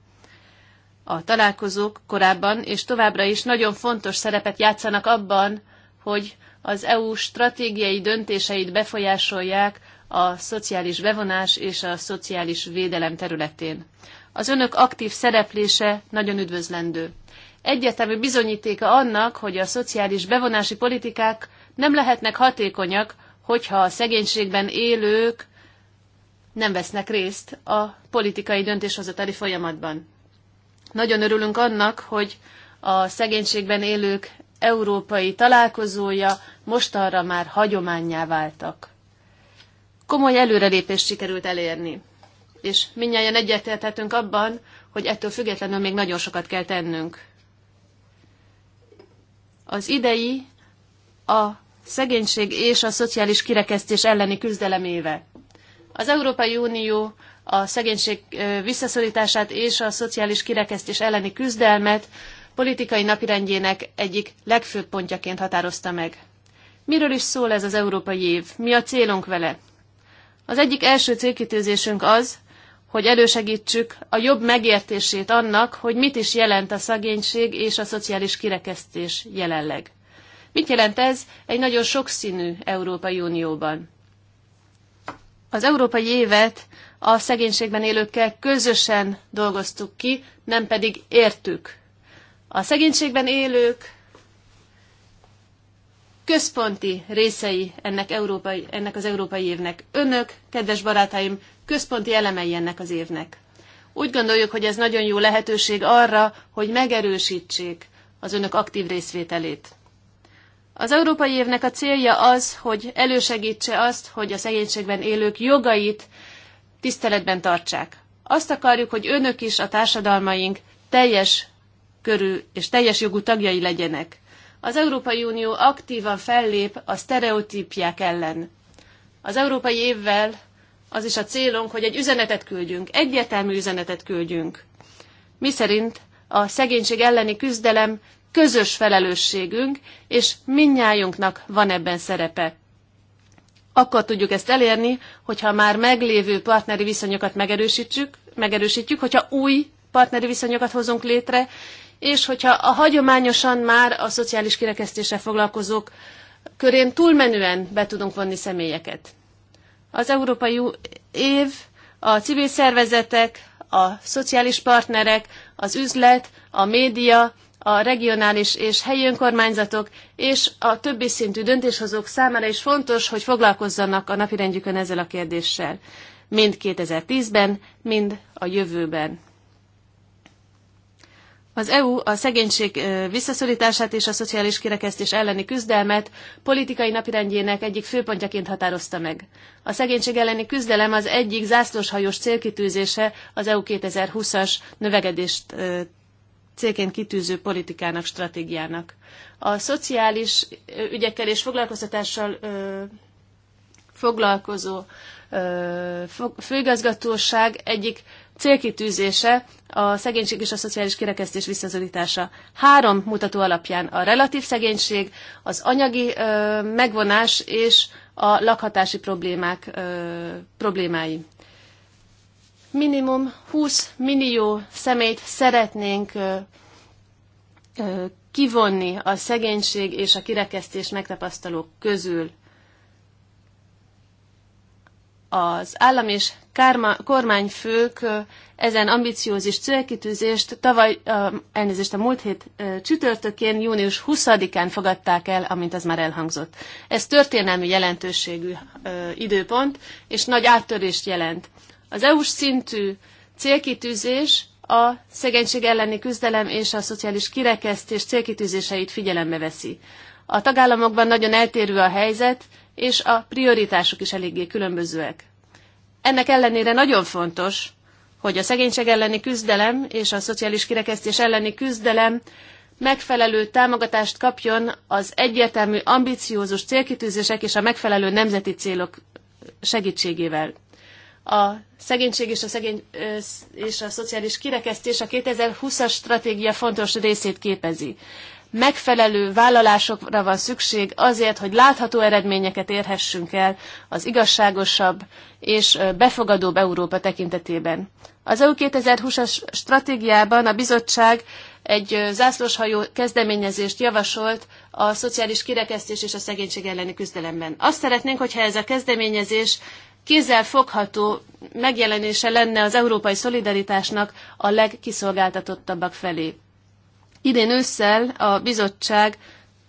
A találkozók korábban és továbbra is nagyon fontos szerepet játszanak abban, hogy az EU stratégiai döntéseit befolyásolják a szociális bevonás és a szociális védelem területén az önök aktív szereplése nagyon üdvözlendő. Egyetemű bizonyítéka annak, hogy a szociális bevonási politikák nem lehetnek hatékonyak, hogyha a szegénységben élők nem vesznek részt a politikai döntéshozatali folyamatban. Nagyon örülünk annak, hogy a szegénységben élők európai találkozója mostanra már hagyományá váltak. Komoly előrelépést sikerült elérni és minnyáján egyetérthetünk abban, hogy ettől függetlenül még nagyon sokat kell tennünk. Az idei a szegénység és a szociális kirekesztés elleni küzdelem éve. Az Európai Unió a szegénység visszaszorítását és a szociális kirekesztés elleni küzdelmet politikai napirendjének egyik legfőbb pontjaként határozta meg. Miről is szól ez az európai év? Mi a célunk vele? Az egyik első célkitűzésünk az, hogy elősegítsük a jobb megértését annak, hogy mit is jelent a szegénység és a szociális kirekesztés jelenleg. Mit jelent ez egy nagyon sokszínű Európai Unióban? Az Európai Évet a szegénységben élőkkel közösen dolgoztuk ki, nem pedig értük. A szegénységben élők központi részei ennek, európai, ennek az európai évnek. Önök, kedves barátaim, központi elemei ennek az évnek. Úgy gondoljuk, hogy ez nagyon jó lehetőség arra, hogy megerősítsék az önök aktív részvételét. Az európai évnek a célja az, hogy elősegítse azt, hogy a szegénységben élők jogait tiszteletben tartsák. Azt akarjuk, hogy önök is a társadalmaink teljes körű és teljes jogú tagjai legyenek. Az Európai Unió aktívan fellép a sztereotípiák ellen. Az Európai Évvel az is a célunk, hogy egy üzenetet küldjünk, egyértelmű üzenetet küldjünk. Mi szerint a szegénység elleni küzdelem közös felelősségünk, és minnyájunknak van ebben szerepe. Akkor tudjuk ezt elérni, hogyha már meglévő partneri viszonyokat megerősítjük, megerősítjük hogyha új partneri viszonyokat hozunk létre, és hogyha a hagyományosan már a szociális kirekesztéssel foglalkozók körén túlmenően be tudunk vonni személyeket. Az Európai Év, a civil szervezetek, a szociális partnerek, az üzlet, a média, a regionális és helyi önkormányzatok és a többi szintű döntéshozók számára is fontos, hogy foglalkozzanak a napirendjükön ezzel a kérdéssel, mind 2010-ben, mind a jövőben. Az EU a szegénység visszaszorítását és a szociális kirekesztés elleni küzdelmet politikai napirendjének egyik főpontjaként határozta meg. A szegénység elleni küzdelem az egyik zászlóshajós célkitűzése az EU 2020-as növekedést célként kitűző politikának, stratégiának. A szociális ügyekkel és foglalkoztatással foglalkozó főigazgatóság egyik célkitűzése a szegénység és a szociális kirekesztés visszaszorítása. Három mutató alapján a relatív szegénység, az anyagi ö, megvonás és a lakhatási problémák ö, problémái. Minimum 20 millió szemét szeretnénk ö, ö, kivonni a szegénység és a kirekesztés megtapasztalók közül az állam és kárma, kormányfők ezen ambiciózis célkitűzést tavaly, elnézést a múlt hét csütörtökén, június 20-án fogadták el, amint az már elhangzott. Ez történelmi jelentőségű időpont, és nagy áttörést jelent. Az EU-s szintű célkitűzés a szegénység elleni küzdelem és a szociális kirekesztés célkitűzéseit figyelembe veszi. A tagállamokban nagyon eltérő a helyzet, és a prioritások is eléggé különbözőek. Ennek ellenére nagyon fontos, hogy a szegénység elleni küzdelem és a szociális kirekesztés elleni küzdelem megfelelő támogatást kapjon az egyértelmű ambiciózus célkitűzések és a megfelelő nemzeti célok segítségével. A szegénység és a, szegény, és a szociális kirekesztés a 2020-as stratégia fontos részét képezi megfelelő vállalásokra van szükség azért, hogy látható eredményeket érhessünk el az igazságosabb és befogadóbb Európa tekintetében. Az EU 2020-as stratégiában a bizottság egy zászlóshajó kezdeményezést javasolt a szociális kirekesztés és a szegénység elleni küzdelemben. Azt szeretnénk, hogyha ez a kezdeményezés kézzel fogható megjelenése lenne az európai szolidaritásnak a legkiszolgáltatottabbak felé. Idén ősszel a bizottság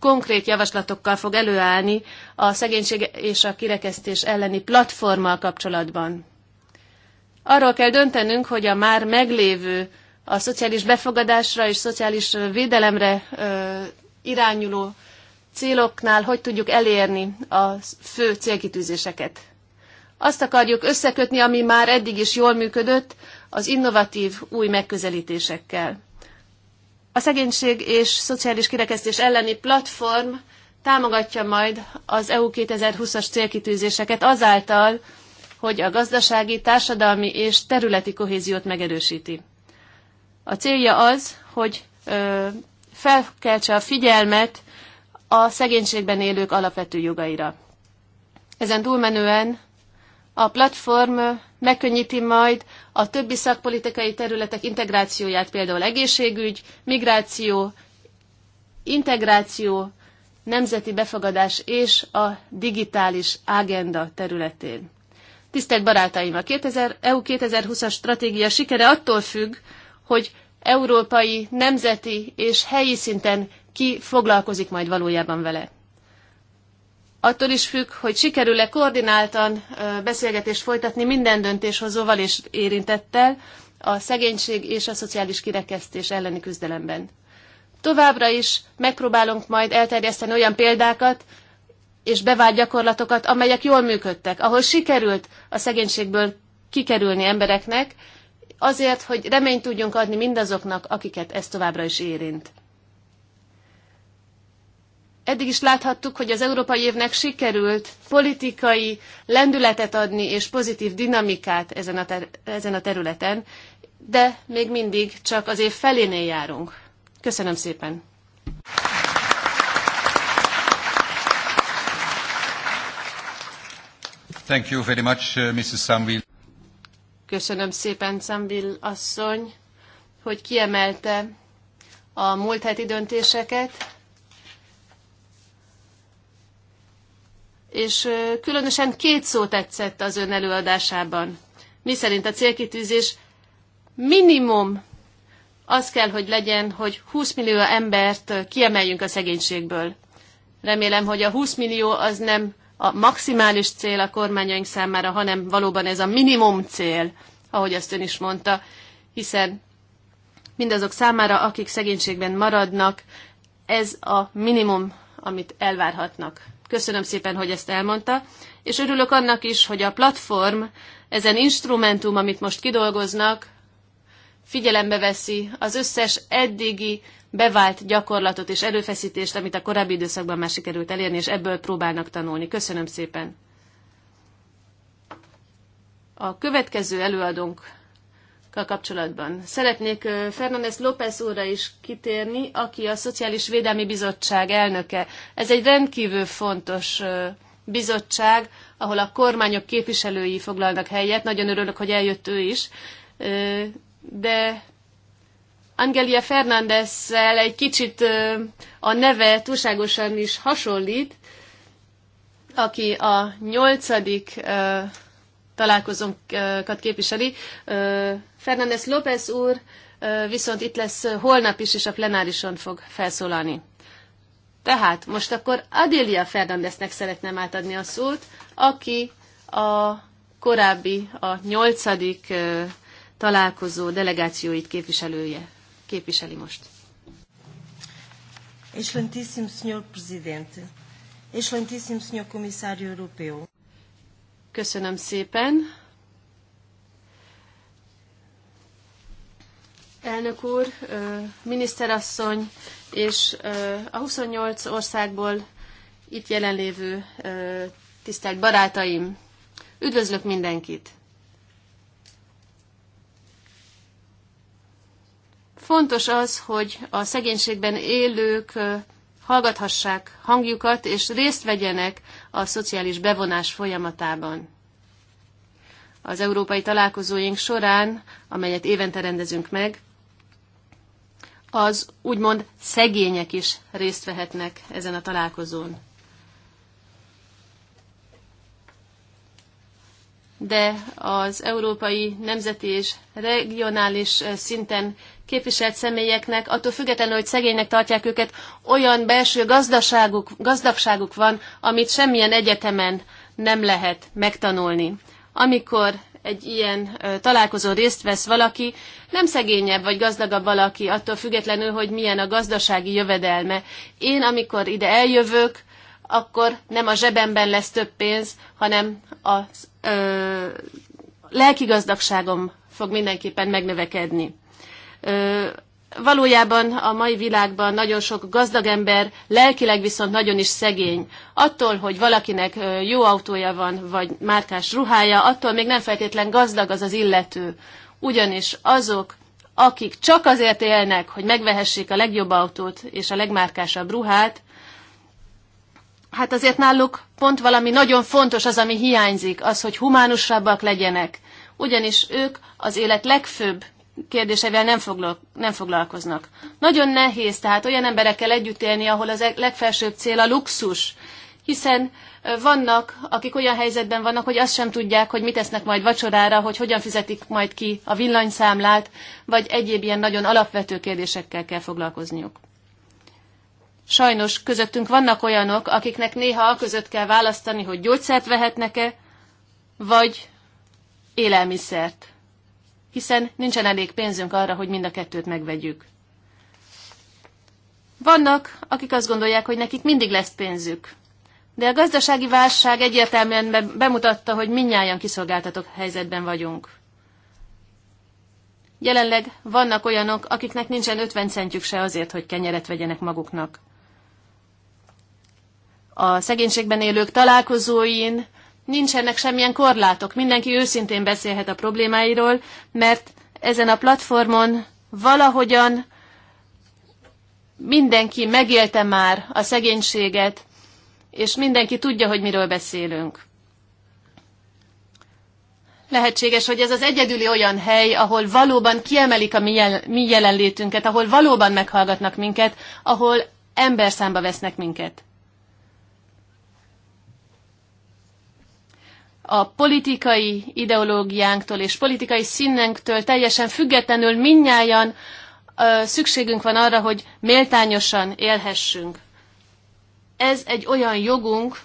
konkrét javaslatokkal fog előállni a szegénység és a kirekesztés elleni platformmal kapcsolatban. Arról kell döntenünk, hogy a már meglévő a szociális befogadásra és szociális védelemre irányuló céloknál hogy tudjuk elérni a fő célkitűzéseket. Azt akarjuk összekötni, ami már eddig is jól működött, az innovatív új megközelítésekkel. A szegénység és szociális kirekesztés elleni platform támogatja majd az EU 2020-as célkitűzéseket azáltal, hogy a gazdasági, társadalmi és területi kohéziót megerősíti. A célja az, hogy ö, felkeltse a figyelmet a szegénységben élők alapvető jogaira. Ezen túlmenően a platform megkönnyíti majd a többi szakpolitikai területek integrációját, például egészségügy, migráció, integráció, nemzeti befogadás és a digitális ágenda területén. Tisztelt barátaim, a 2000, EU 2020-as stratégia sikere attól függ, hogy európai, nemzeti és helyi szinten ki foglalkozik majd valójában vele attól is függ, hogy sikerül-e koordináltan beszélgetést folytatni minden döntéshozóval és érintettel a szegénység és a szociális kirekesztés elleni küzdelemben. Továbbra is megpróbálunk majd elterjeszteni olyan példákat és bevált gyakorlatokat, amelyek jól működtek, ahol sikerült a szegénységből kikerülni embereknek, azért, hogy reményt tudjunk adni mindazoknak, akiket ez továbbra is érint eddig is láthattuk, hogy az európai évnek sikerült politikai lendületet adni és pozitív dinamikát ezen a, ter- ezen a területen, de még mindig csak az év felénél járunk. Köszönöm szépen! Thank you very much, uh, Mrs. Köszönöm szépen, Samville asszony, hogy kiemelte a múlt heti döntéseket és különösen két szó tetszett az ön előadásában. Mi szerint a célkitűzés minimum az kell, hogy legyen, hogy 20 millió embert kiemeljünk a szegénységből. Remélem, hogy a 20 millió az nem a maximális cél a kormányaink számára, hanem valóban ez a minimum cél, ahogy azt ön is mondta, hiszen mindazok számára, akik szegénységben maradnak, ez a minimum, amit elvárhatnak. Köszönöm szépen, hogy ezt elmondta, és örülök annak is, hogy a platform, ezen instrumentum, amit most kidolgoznak, figyelembe veszi az összes eddigi bevált gyakorlatot és előfeszítést, amit a korábbi időszakban már sikerült elérni, és ebből próbálnak tanulni. Köszönöm szépen! A következő előadónk kapcsolatban. Szeretnék Fernández López úrra is kitérni, aki a Szociális Védelmi Bizottság elnöke. Ez egy rendkívül fontos bizottság, ahol a kormányok képviselői foglalnak helyet. Nagyon örülök, hogy eljött ő is. De Angelia Fernández egy kicsit a neve túlságosan is hasonlít, aki a nyolcadik találkozónkat képviseli. Fernández López úr viszont itt lesz holnap is, és a plenárison fog felszólalni. Tehát most akkor Adélia Fernándeznek szeretném átadni a szót, aki a korábbi, a nyolcadik találkozó delegációit képviselője. Képviseli most. Excelentíssimo Sr. Presidente, Excelentíssimo Sr. Comissário Europeu, Köszönöm szépen. Elnök úr, miniszterasszony és a 28 országból itt jelenlévő tisztelt barátaim, üdvözlök mindenkit! Fontos az, hogy a szegénységben élők hallgathassák hangjukat és részt vegyenek a szociális bevonás folyamatában. Az európai találkozóink során, amelyet évente rendezünk meg, az úgymond szegények is részt vehetnek ezen a találkozón. de az európai nemzeti és regionális szinten képviselt személyeknek, attól függetlenül, hogy szegénynek tartják őket, olyan belső gazdaságuk, gazdagságuk van, amit semmilyen egyetemen nem lehet megtanulni. Amikor egy ilyen találkozó részt vesz valaki, nem szegényebb vagy gazdagabb valaki, attól függetlenül, hogy milyen a gazdasági jövedelme. Én, amikor ide eljövök, akkor nem a zsebemben lesz több pénz, hanem a ö, lelki gazdagságom fog mindenképpen megnövekedni valójában a mai világban nagyon sok gazdag ember, lelkileg viszont nagyon is szegény. Attól, hogy valakinek jó autója van, vagy márkás ruhája, attól még nem feltétlen gazdag az az illető. Ugyanis azok, akik csak azért élnek, hogy megvehessék a legjobb autót és a legmárkásabb ruhát, hát azért náluk pont valami nagyon fontos az, ami hiányzik, az, hogy humánusabbak legyenek. Ugyanis ők az élet legfőbb kérdéseivel nem, foglal, nem foglalkoznak. Nagyon nehéz tehát olyan emberekkel együtt élni, ahol az legfelsőbb cél a luxus, hiszen vannak, akik olyan helyzetben vannak, hogy azt sem tudják, hogy mit esznek majd vacsorára, hogy hogyan fizetik majd ki a villanyszámlát, vagy egyéb ilyen nagyon alapvető kérdésekkel kell foglalkozniuk. Sajnos közöttünk vannak olyanok, akiknek néha között kell választani, hogy gyógyszert vehetnek-e, vagy élelmiszert hiszen nincsen elég pénzünk arra, hogy mind a kettőt megvegyük. Vannak, akik azt gondolják, hogy nekik mindig lesz pénzük. De a gazdasági válság egyértelműen bemutatta, hogy minnyáján kiszolgáltatok helyzetben vagyunk. Jelenleg vannak olyanok, akiknek nincsen 50 centjük se azért, hogy kenyeret vegyenek maguknak. A szegénységben élők találkozóin nincsenek semmilyen korlátok. Mindenki őszintén beszélhet a problémáiról, mert ezen a platformon valahogyan mindenki megélte már a szegénységet, és mindenki tudja, hogy miről beszélünk. Lehetséges, hogy ez az egyedüli olyan hely, ahol valóban kiemelik a mi, jel- mi jelenlétünket, ahol valóban meghallgatnak minket, ahol emberszámba vesznek minket. a politikai ideológiánktól és politikai színnektől teljesen függetlenül minnyáján szükségünk van arra, hogy méltányosan élhessünk. Ez egy olyan jogunk,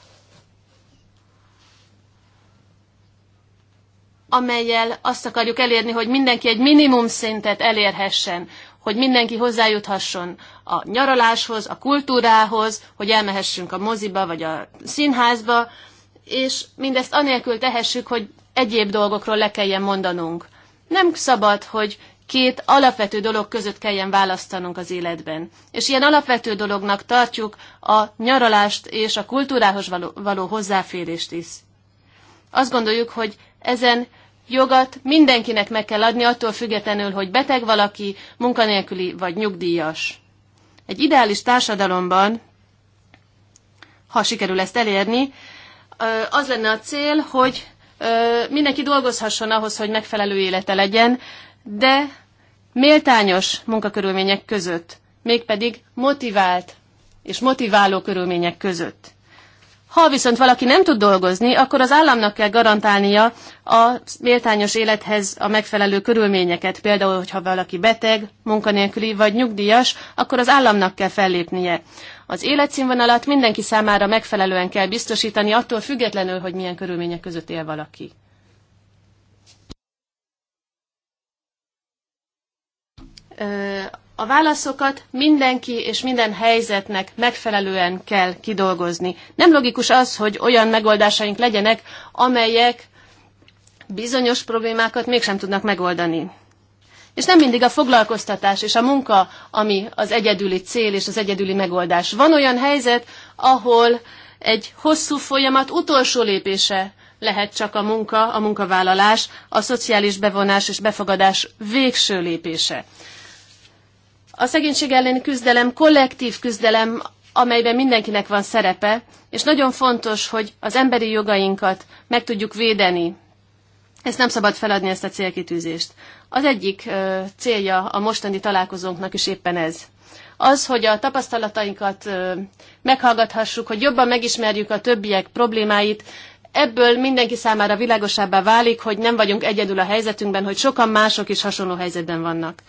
amelyel azt akarjuk elérni, hogy mindenki egy minimum szintet elérhessen, hogy mindenki hozzájuthasson a nyaraláshoz, a kultúrához, hogy elmehessünk a moziba vagy a színházba, és mindezt anélkül tehessük, hogy egyéb dolgokról le kelljen mondanunk. Nem szabad, hogy két alapvető dolog között kelljen választanunk az életben. És ilyen alapvető dolognak tartjuk a nyaralást és a kultúrához való, való hozzáférést is. Azt gondoljuk, hogy ezen jogat mindenkinek meg kell adni, attól függetlenül, hogy beteg valaki, munkanélküli vagy nyugdíjas. Egy ideális társadalomban, ha sikerül ezt elérni, az lenne a cél, hogy mindenki dolgozhasson ahhoz, hogy megfelelő élete legyen, de méltányos munkakörülmények között, mégpedig motivált és motiváló körülmények között. Ha viszont valaki nem tud dolgozni, akkor az államnak kell garantálnia a méltányos élethez a megfelelő körülményeket. Például, hogyha valaki beteg, munkanélküli vagy nyugdíjas, akkor az államnak kell fellépnie. Az életszínvonalat mindenki számára megfelelően kell biztosítani, attól függetlenül, hogy milyen körülmények között él valaki. A válaszokat mindenki és minden helyzetnek megfelelően kell kidolgozni. Nem logikus az, hogy olyan megoldásaink legyenek, amelyek bizonyos problémákat mégsem tudnak megoldani. És nem mindig a foglalkoztatás és a munka, ami az egyedüli cél és az egyedüli megoldás. Van olyan helyzet, ahol egy hosszú folyamat utolsó lépése lehet csak a munka, a munkavállalás, a szociális bevonás és befogadás végső lépése. A szegénység elleni küzdelem kollektív küzdelem, amelyben mindenkinek van szerepe, és nagyon fontos, hogy az emberi jogainkat meg tudjuk védeni, ezt nem szabad feladni, ezt a célkitűzést. Az egyik célja a mostani találkozónknak is éppen ez. Az, hogy a tapasztalatainkat meghallgathassuk, hogy jobban megismerjük a többiek problémáit, ebből mindenki számára világosabbá válik, hogy nem vagyunk egyedül a helyzetünkben, hogy sokan mások is hasonló helyzetben vannak.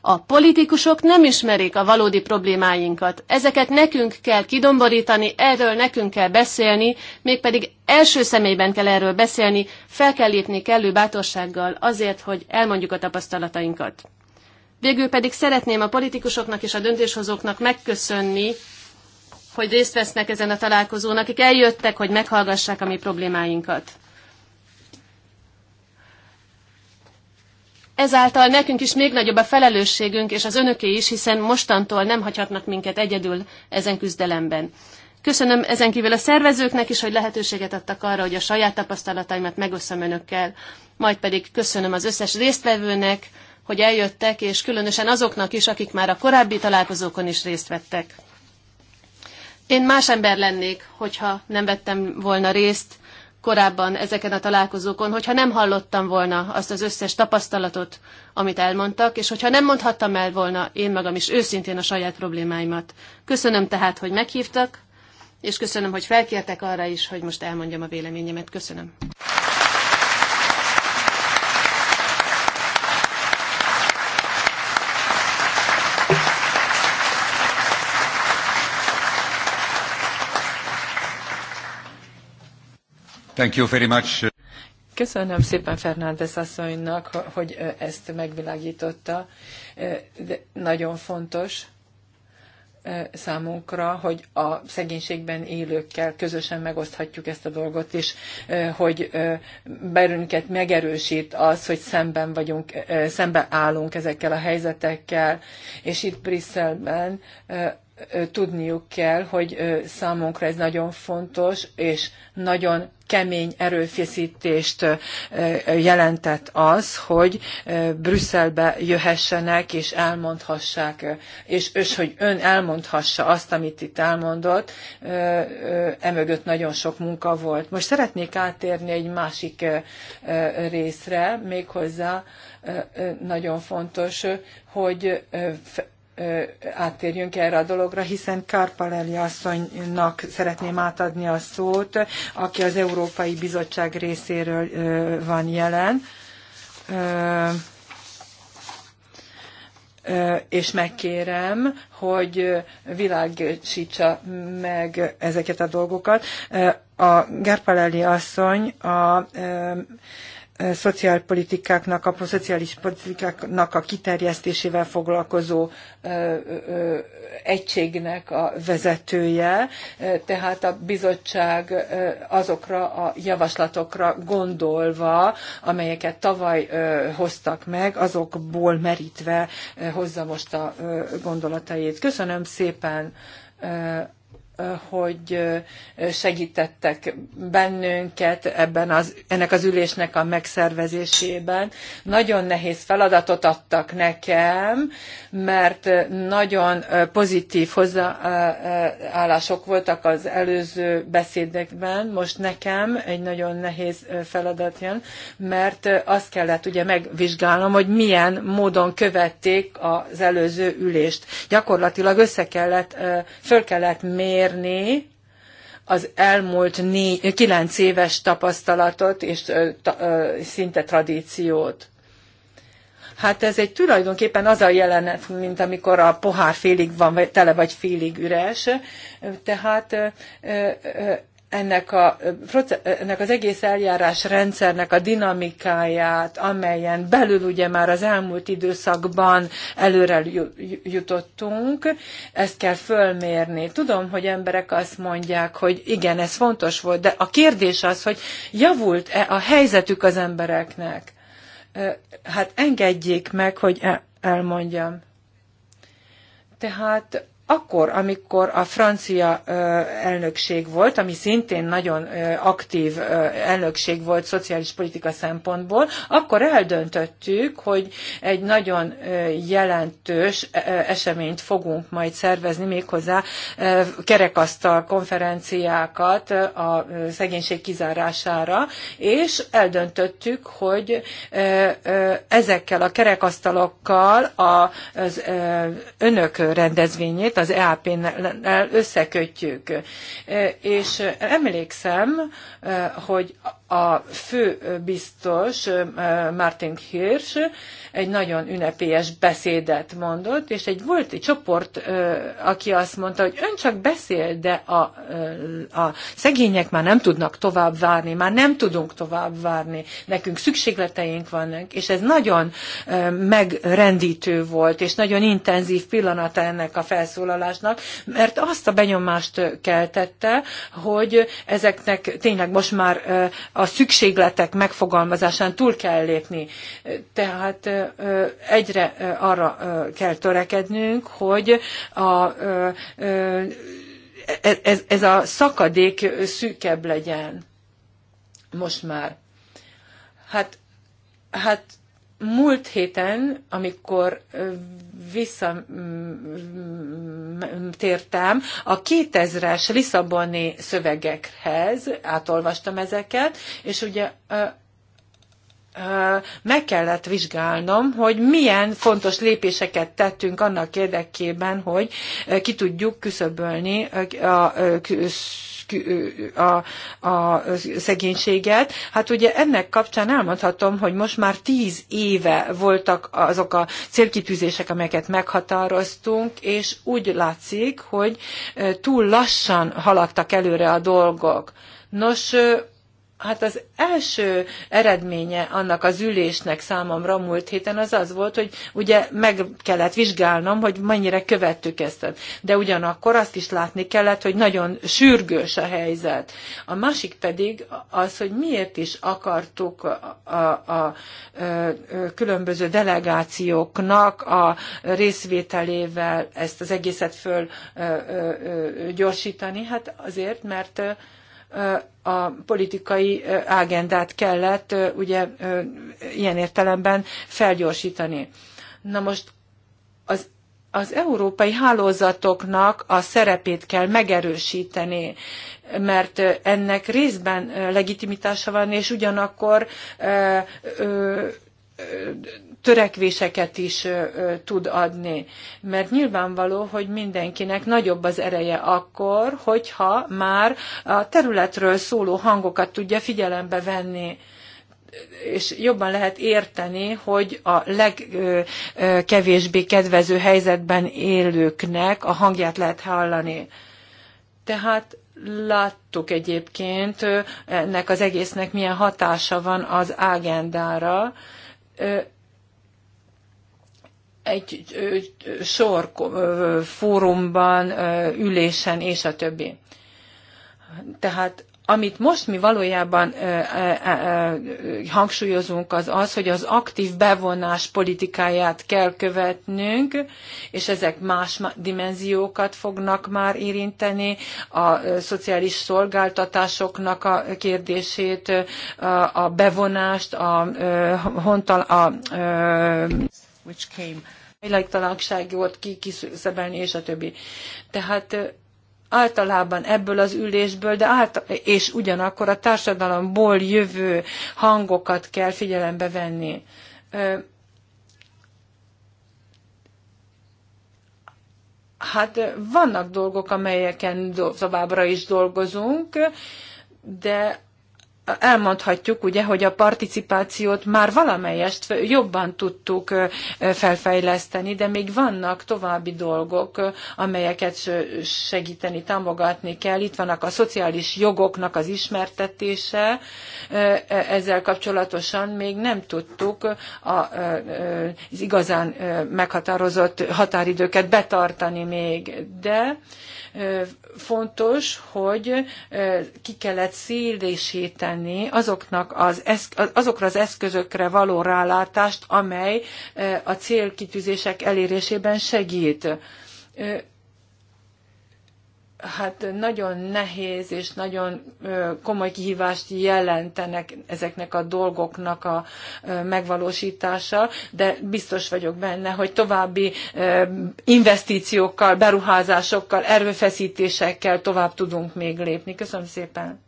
A politikusok nem ismerik a valódi problémáinkat. Ezeket nekünk kell kidomborítani, erről nekünk kell beszélni, mégpedig első személyben kell erről beszélni, fel kell lépni kellő bátorsággal azért, hogy elmondjuk a tapasztalatainkat. Végül pedig szeretném a politikusoknak és a döntéshozóknak megköszönni, hogy részt vesznek ezen a találkozón, akik eljöttek, hogy meghallgassák a mi problémáinkat. ezáltal nekünk is még nagyobb a felelősségünk, és az önöké is, hiszen mostantól nem hagyhatnak minket egyedül ezen küzdelemben. Köszönöm ezen kívül a szervezőknek is, hogy lehetőséget adtak arra, hogy a saját tapasztalataimat megosszam önökkel, majd pedig köszönöm az összes résztvevőnek, hogy eljöttek, és különösen azoknak is, akik már a korábbi találkozókon is részt vettek. Én más ember lennék, hogyha nem vettem volna részt korábban ezeken a találkozókon, hogyha nem hallottam volna azt az összes tapasztalatot, amit elmondtak, és hogyha nem mondhattam el volna én magam is őszintén a saját problémáimat. Köszönöm tehát, hogy meghívtak, és köszönöm, hogy felkértek arra is, hogy most elmondjam a véleményemet. Köszönöm. Thank you very much. Köszönöm szépen Fernández asszonynak, hogy ezt megvilágította. De nagyon fontos számunkra, hogy a szegénységben élőkkel közösen megoszthatjuk ezt a dolgot is, hogy belünket megerősít az, hogy szemben vagyunk, szembe állunk ezekkel a helyzetekkel, és itt Brüsszelben tudniuk kell, hogy számunkra ez nagyon fontos, és nagyon kemény erőfeszítést jelentett az, hogy Brüsszelbe jöhessenek és elmondhassák, és, és hogy ön elmondhassa azt, amit itt elmondott, emögött nagyon sok munka volt. Most szeretnék átérni egy másik részre, méghozzá nagyon fontos, hogy áttérjünk erre a dologra, hiszen Kárpaleli asszonynak szeretném átadni a szót, aki az Európai Bizottság részéről van jelen, és megkérem, hogy világsítsa meg ezeket a dolgokat. A Gárpaleli asszony a szociálpolitikáknak, a szociális politikáknak a kiterjesztésével foglalkozó egységnek a vezetője, tehát a bizottság azokra a javaslatokra gondolva, amelyeket tavaly hoztak meg, azokból merítve hozza most a gondolatait. Köszönöm szépen hogy segítettek bennünket ebben az, ennek az ülésnek a megszervezésében. Nagyon nehéz feladatot adtak nekem, mert nagyon pozitív hozzáállások voltak az előző beszédekben. Most nekem egy nagyon nehéz feladat jön, mert azt kellett ugye megvizsgálnom, hogy milyen módon követték az előző ülést. Gyakorlatilag össze kellett, föl kellett mérni, mérni az elmúlt négy, kilenc éves tapasztalatot és szinte tradíciót. Hát ez egy tulajdonképpen az a jelenet, mint amikor a pohár félig van vagy tele, vagy félig üres. Tehát ennek, a, ennek az egész eljárás rendszernek a dinamikáját, amelyen belül ugye már az elmúlt időszakban előre jutottunk, ezt kell fölmérni. Tudom, hogy emberek azt mondják, hogy igen, ez fontos volt, de a kérdés az, hogy javult-e a helyzetük az embereknek? Hát engedjék meg, hogy e- elmondjam. Tehát akkor, amikor a francia elnökség volt, ami szintén nagyon aktív elnökség volt szociális politika szempontból, akkor eldöntöttük, hogy egy nagyon jelentős eseményt fogunk majd szervezni, méghozzá kerekasztal konferenciákat a szegénység kizárására, és eldöntöttük, hogy ezekkel a kerekasztalokkal az önök rendezvényét, az EAP-nel összekötjük. E, és emlékszem, e, hogy a fő biztos e, Martin Hirsch egy nagyon ünnepélyes beszédet mondott, és egy volt egy csoport, aki azt mondta, hogy ön csak beszél, de a, a szegények már nem tudnak tovább várni, már nem tudunk tovább várni, nekünk szükségleteink vannak, és ez nagyon megrendítő volt, és nagyon intenzív pillanata ennek a felszólalásnak, megszólalásnak, mert azt a benyomást keltette, hogy ezeknek tényleg most már a szükségletek megfogalmazásán túl kell lépni. Tehát egyre arra kell törekednünk, hogy a e, e, ez, ez a szakadék szűkebb legyen most már. Hát, hát múlt héten, amikor visszatértem mm, mm, mm, a 2000-es Lisszaboni szövegekhez, átolvastam ezeket, és ugye meg kellett vizsgálnom, hogy milyen fontos lépéseket tettünk annak érdekében, hogy ki tudjuk küszöbölni a a, a szegénységet. Hát ugye ennek kapcsán elmondhatom, hogy most már tíz éve voltak azok a célkitűzések, amelyeket meghatároztunk, és úgy látszik, hogy túl lassan haladtak előre a dolgok. Nos, Hát az első eredménye annak az ülésnek számomra múlt héten az az volt, hogy ugye meg kellett vizsgálnom, hogy mennyire követtük ezt. De ugyanakkor azt is látni kellett, hogy nagyon sürgős a helyzet. A másik pedig az, hogy miért is akartuk a, a, a, a különböző delegációknak a részvételével ezt az egészet föl gyorsítani. Hát azért, mert a politikai ágendát kellett ugye ilyen értelemben felgyorsítani. Na most az, az európai hálózatoknak a szerepét kell megerősíteni, mert ennek részben legitimitása van, és ugyanakkor törekvéseket is tud adni. Mert nyilvánvaló, hogy mindenkinek nagyobb az ereje akkor, hogyha már a területről szóló hangokat tudja figyelembe venni és jobban lehet érteni, hogy a legkevésbé kedvező helyzetben élőknek a hangját lehet hallani. Tehát láttuk egyébként ennek az egésznek milyen hatása van az ágendára, egy sor fórumban, ülésen és a többi. Tehát amit most mi valójában hangsúlyozunk, az az, hogy az aktív bevonás politikáját kell követnünk, és ezek más dimenziókat fognak már érinteni, a szociális szolgáltatásoknak a kérdését, a bevonást, a, hontal, a, a which came hajléktalanságot ki kiszöbelni, és a többi. Tehát általában ebből az ülésből, de által, és ugyanakkor a társadalomból jövő hangokat kell figyelembe venni. Hát vannak dolgok, amelyeken továbbra is dolgozunk, de elmondhatjuk, ugye, hogy a participációt már valamelyest jobban tudtuk felfejleszteni, de még vannak további dolgok, amelyeket segíteni, támogatni kell. Itt vannak a szociális jogoknak az ismertetése, e, ezzel kapcsolatosan még nem tudtuk az igazán meghatározott határidőket betartani még, de fontos, hogy ki kellett szélésíteni azoknak az eszk- azokra az eszközökre való rálátást, amely a célkitűzések elérésében segít hát nagyon nehéz és nagyon komoly kihívást jelentenek ezeknek a dolgoknak a megvalósítása, de biztos vagyok benne, hogy további investíciókkal, beruházásokkal, erőfeszítésekkel tovább tudunk még lépni. Köszönöm szépen!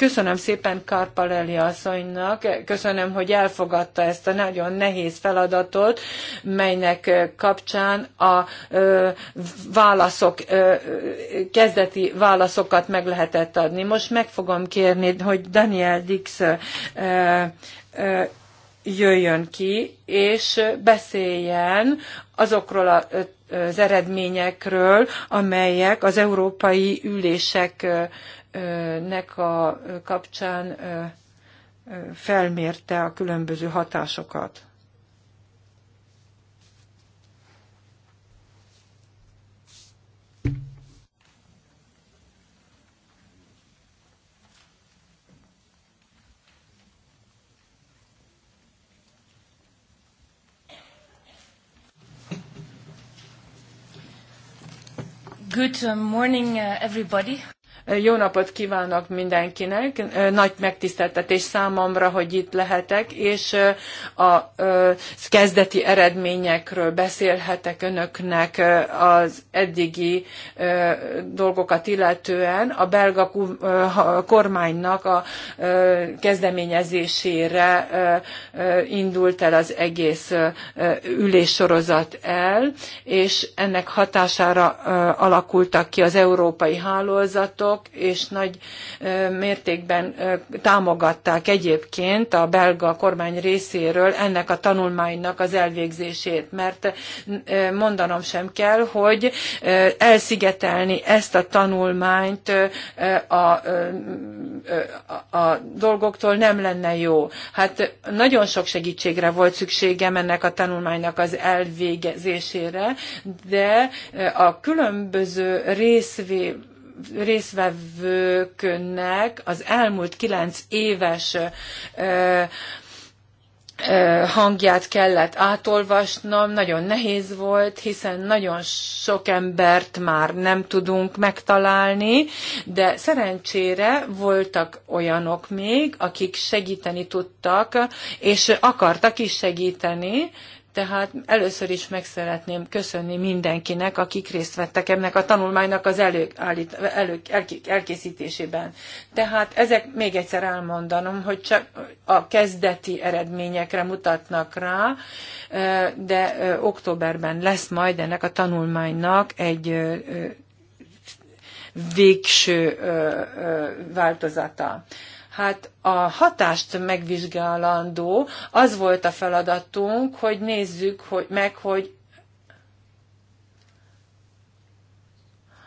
Köszönöm szépen Karpalelli asszonynak, köszönöm, hogy elfogadta ezt a nagyon nehéz feladatot, melynek kapcsán a válaszok, kezdeti válaszokat meg lehetett adni. Most meg fogom kérni, hogy Daniel Dix jöjjön ki, és beszéljen azokról a az eredményekről, amelyek az európai ülések nek a kapcsán felmérte a különböző hatásokat. Good morning, uh, everybody. Jó napot kívánok mindenkinek! Nagy megtiszteltetés számomra, hogy itt lehetek, és a kezdeti eredményekről beszélhetek önöknek az eddigi dolgokat illetően. A belga kormánynak a kezdeményezésére indult el az egész üléssorozat el, és ennek hatására alakultak ki az európai hálózatok, tagállamok, és nagy mértékben támogatták egyébként a belga kormány részéről ennek a tanulmánynak az elvégzését, mert mondanom sem kell, hogy elszigetelni ezt a tanulmányt a, a, a dolgoktól nem lenne jó. Hát nagyon sok segítségre volt szükségem ennek a tanulmánynak az elvégzésére, de a különböző részvé részvevőknek az elmúlt kilenc éves hangját kellett átolvasnom, nagyon nehéz volt, hiszen nagyon sok embert már nem tudunk megtalálni, de szerencsére voltak olyanok még, akik segíteni tudtak, és akartak is segíteni, tehát először is meg szeretném köszönni mindenkinek, akik részt vettek ennek a tanulmánynak az elő, állít, elő, elkészítésében. Tehát ezek még egyszer elmondanom, hogy csak a kezdeti eredményekre mutatnak rá, de októberben lesz majd ennek a tanulmánynak egy végső változata. Hát a hatást megvizsgálandó, az volt a feladatunk, hogy nézzük hogy, meg, hogy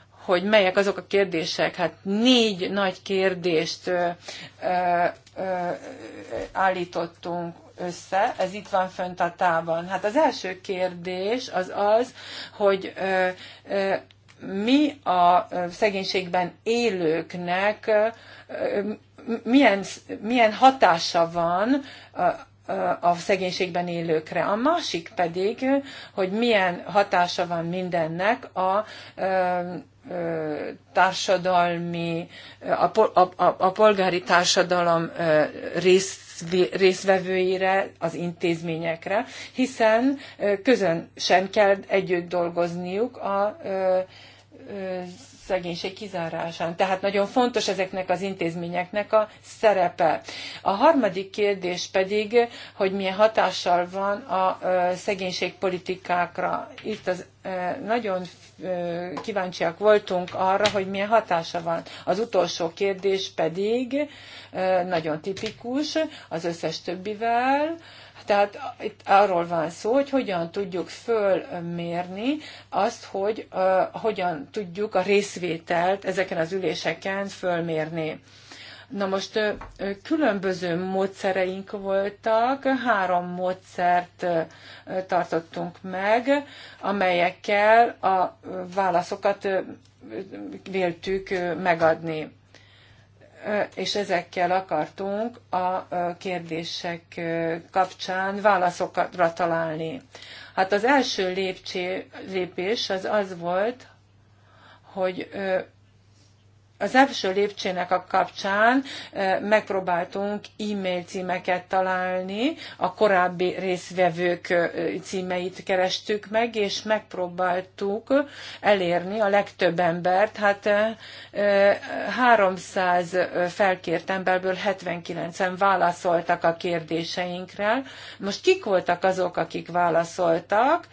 hogy melyek azok a kérdések. Hát négy nagy kérdést ö, ö, ö, állítottunk össze, ez itt van fönt a tában. Hát az első kérdés az az, hogy ö, ö, mi a szegénységben élőknek ö, milyen, milyen hatása van a szegénységben élőkre. A másik pedig, hogy milyen hatása van mindennek a társadalmi, a, a, a, a polgári társadalom rész, részvevőire, az intézményekre, hiszen közön sem kell együtt dolgozniuk a, a szegénység kizárásán. Tehát nagyon fontos ezeknek az intézményeknek a szerepe. A harmadik kérdés pedig, hogy milyen hatással van a szegénységpolitikákra. Itt az nagyon kíváncsiak voltunk arra, hogy milyen hatása van. Az utolsó kérdés pedig nagyon tipikus az összes többivel, tehát itt arról van szó, hogy hogyan tudjuk fölmérni azt, hogy uh, hogyan tudjuk a részvételt ezeken az üléseken fölmérni. Na most különböző módszereink voltak, három módszert tartottunk meg, amelyekkel a válaszokat véltük megadni és ezekkel akartunk a kérdések kapcsán válaszokra találni. Hát az első lépcső lépés az az volt, hogy az első lépcsének a kapcsán megpróbáltunk e-mail címeket találni, a korábbi részvevők címeit kerestük meg, és megpróbáltuk elérni a legtöbb embert. Hát 300 felkért emberből 79-en válaszoltak a kérdéseinkre. Most kik voltak azok, akik válaszoltak?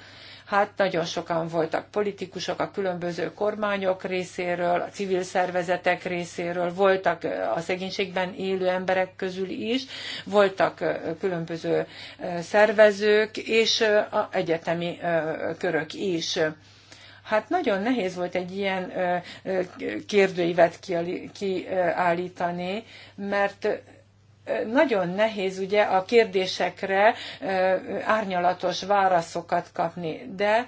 Hát nagyon sokan voltak politikusok a különböző kormányok részéről, a civil szervezetek részéről, voltak a szegénységben élő emberek közül is, voltak különböző szervezők és a egyetemi körök is. Hát nagyon nehéz volt egy ilyen kérdőívet kiállítani, mert nagyon nehéz ugye a kérdésekre árnyalatos válaszokat kapni, de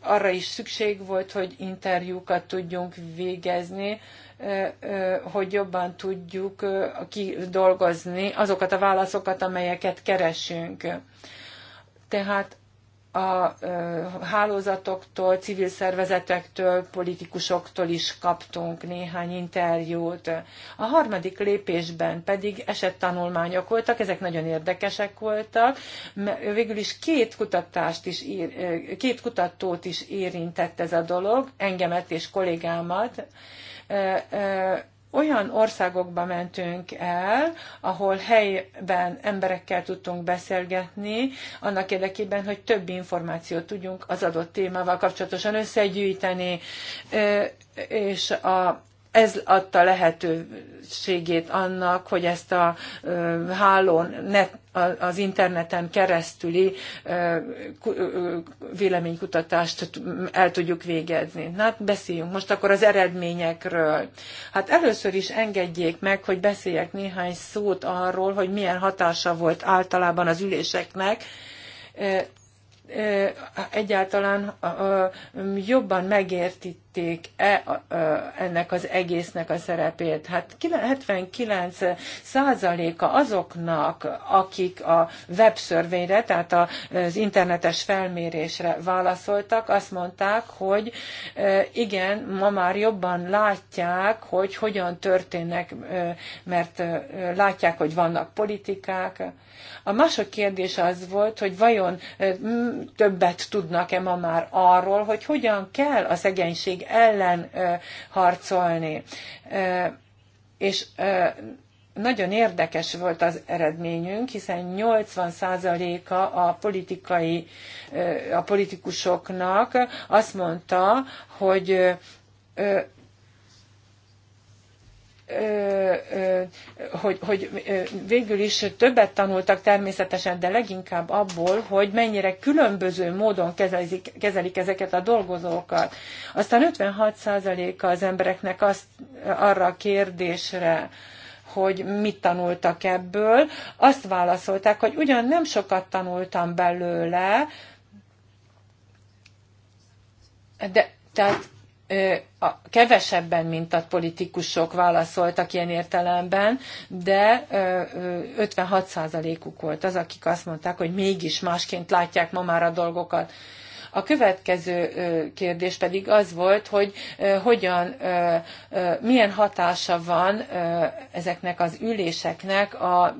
arra is szükség volt, hogy interjúkat tudjunk végezni, hogy jobban tudjuk kidolgozni azokat a válaszokat, amelyeket keresünk. Tehát a hálózatoktól, civil szervezetektől, politikusoktól is kaptunk néhány interjút. A harmadik lépésben pedig esettanulmányok voltak, ezek nagyon érdekesek voltak. Végül is két, kutatást is ír, két kutatót is érintett ez a dolog, engemet és kollégámat olyan országokba mentünk el, ahol helyben emberekkel tudtunk beszélgetni, annak érdekében, hogy több információt tudjunk az adott témával kapcsolatosan összegyűjteni, és a ez adta lehetőségét annak, hogy ezt a hálón, net, az interneten keresztüli véleménykutatást el tudjuk végezni. Na, hát beszéljünk most akkor az eredményekről. Hát először is engedjék meg, hogy beszéljek néhány szót arról, hogy milyen hatása volt általában az üléseknek, egyáltalán jobban megértik megértették-e ennek az egésznek a szerepét. Hát 79 százaléka azoknak, akik a webszörvényre, tehát az internetes felmérésre válaszoltak, azt mondták, hogy igen, ma már jobban látják, hogy hogyan történnek, mert látják, hogy vannak politikák. A másik kérdés az volt, hogy vajon többet tudnak-e ma már arról, hogy hogyan kell a szegénység ellen harcolni. És nagyon érdekes volt az eredményünk, hiszen 80%-a a politikai, a politikusoknak azt mondta, hogy hogy, hogy végül is többet tanultak természetesen, de leginkább abból, hogy mennyire különböző módon kezelik, kezelik ezeket a dolgozókat. Aztán 56%-a az embereknek azt, arra a kérdésre, hogy mit tanultak ebből, azt válaszolták, hogy ugyan nem sokat tanultam belőle, de tehát a kevesebben, mint a politikusok válaszoltak ilyen értelemben, de 56%-uk volt az, akik azt mondták, hogy mégis másként látják ma már a dolgokat. A következő kérdés pedig az volt, hogy hogyan, milyen hatása van ezeknek az üléseknek a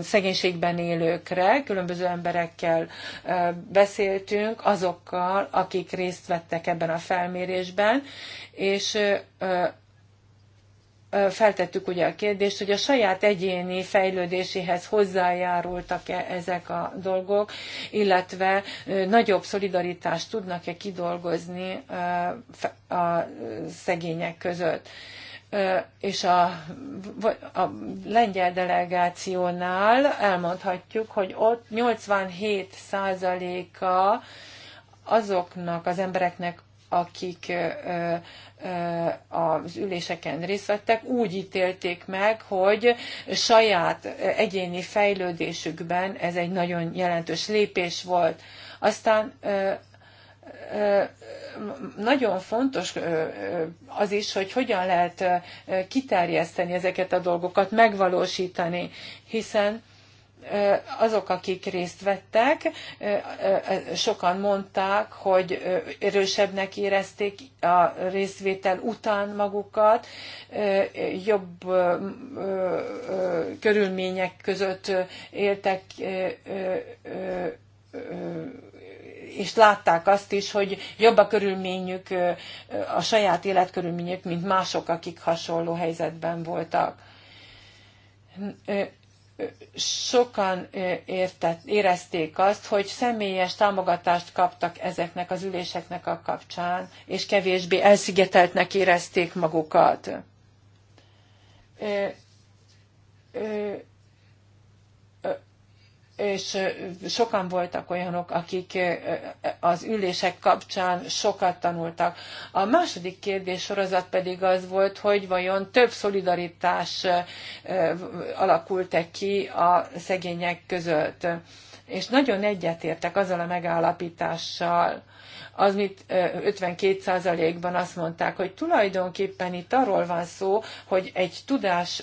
szegénységben élőkre. Különböző emberekkel beszéltünk, azokkal, akik részt vettek ebben a felmérésben, és feltettük ugye a kérdést, hogy a saját egyéni fejlődéséhez hozzájárultak-e ezek a dolgok, illetve nagyobb szolidaritást tudnak-e kidolgozni a szegények között. És a, a lengyel delegációnál elmondhatjuk, hogy ott 87 százaléka azoknak az embereknek akik az üléseken részt vettek, úgy ítélték meg, hogy saját egyéni fejlődésükben ez egy nagyon jelentős lépés volt. Aztán nagyon fontos az is, hogy hogyan lehet kiterjeszteni ezeket a dolgokat, megvalósítani, hiszen azok, akik részt vettek, sokan mondták, hogy erősebbnek érezték a részvétel után magukat, jobb körülmények között éltek, és látták azt is, hogy jobb a körülményük, a saját életkörülményük, mint mások, akik hasonló helyzetben voltak sokan értett, érezték azt, hogy személyes támogatást kaptak ezeknek az üléseknek a kapcsán, és kevésbé elszigeteltnek érezték magukat. Ö, ö, és sokan voltak olyanok, akik az ülések kapcsán sokat tanultak. A második kérdés sorozat pedig az volt, hogy vajon több szolidaritás alakult-e ki a szegények között. És nagyon egyetértek azzal a megállapítással, az, mint 52%-ban azt mondták, hogy tulajdonképpen itt arról van szó, hogy egy tudás,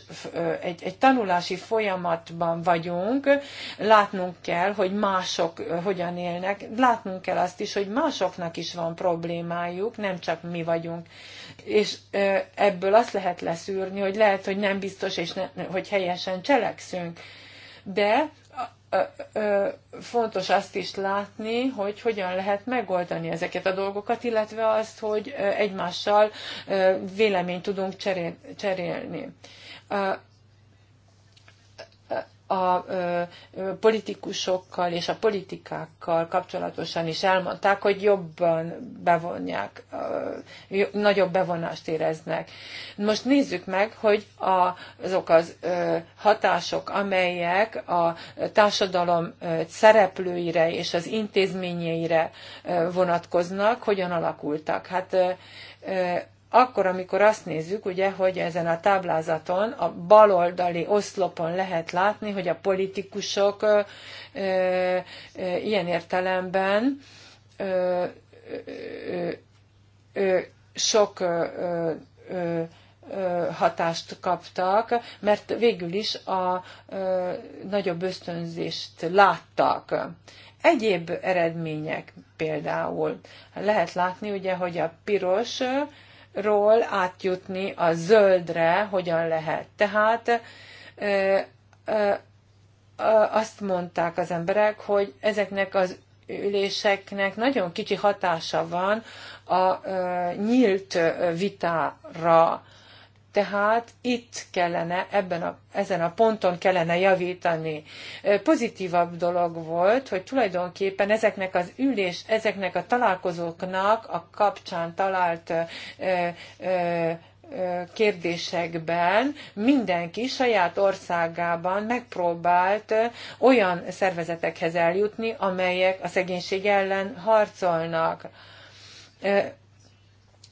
egy, egy tanulási folyamatban vagyunk, látnunk kell, hogy mások hogyan élnek, látnunk kell azt is, hogy másoknak is van problémájuk, nem csak mi vagyunk. És ebből azt lehet leszűrni, hogy lehet, hogy nem biztos, és ne, hogy helyesen cselekszünk. De fontos azt is látni, hogy hogyan lehet megoldani ezeket a dolgokat, illetve azt, hogy egymással véleményt tudunk cserélni a ö, ö, politikusokkal és a politikákkal kapcsolatosan is elmondták, hogy jobban bevonják, ö, nagyobb bevonást éreznek. Most nézzük meg, hogy a, azok az ö, hatások, amelyek a társadalom ö, szereplőire és az intézményeire ö, vonatkoznak, hogyan alakultak. Hát ö, ö, akkor, amikor azt nézzük, ugye, hogy ezen a táblázaton, a baloldali oszlopon lehet látni, hogy a politikusok ö, ö, ilyen értelemben ö, ö, ö, sok ö, ö, hatást kaptak, mert végül is a ö, nagyobb ösztönzést láttak. Egyéb eredmények például. Lehet látni ugye, hogy a piros ról átjutni a zöldre hogyan lehet. Tehát azt mondták az emberek, hogy ezeknek az üléseknek nagyon kicsi hatása van a nyílt vitára. Tehát itt kellene, ebben a, ezen a ponton kellene javítani. Pozitívabb dolog volt, hogy tulajdonképpen ezeknek az ülés, ezeknek a találkozóknak a kapcsán talált ö, ö, kérdésekben mindenki saját országában megpróbált olyan szervezetekhez eljutni, amelyek a szegénység ellen harcolnak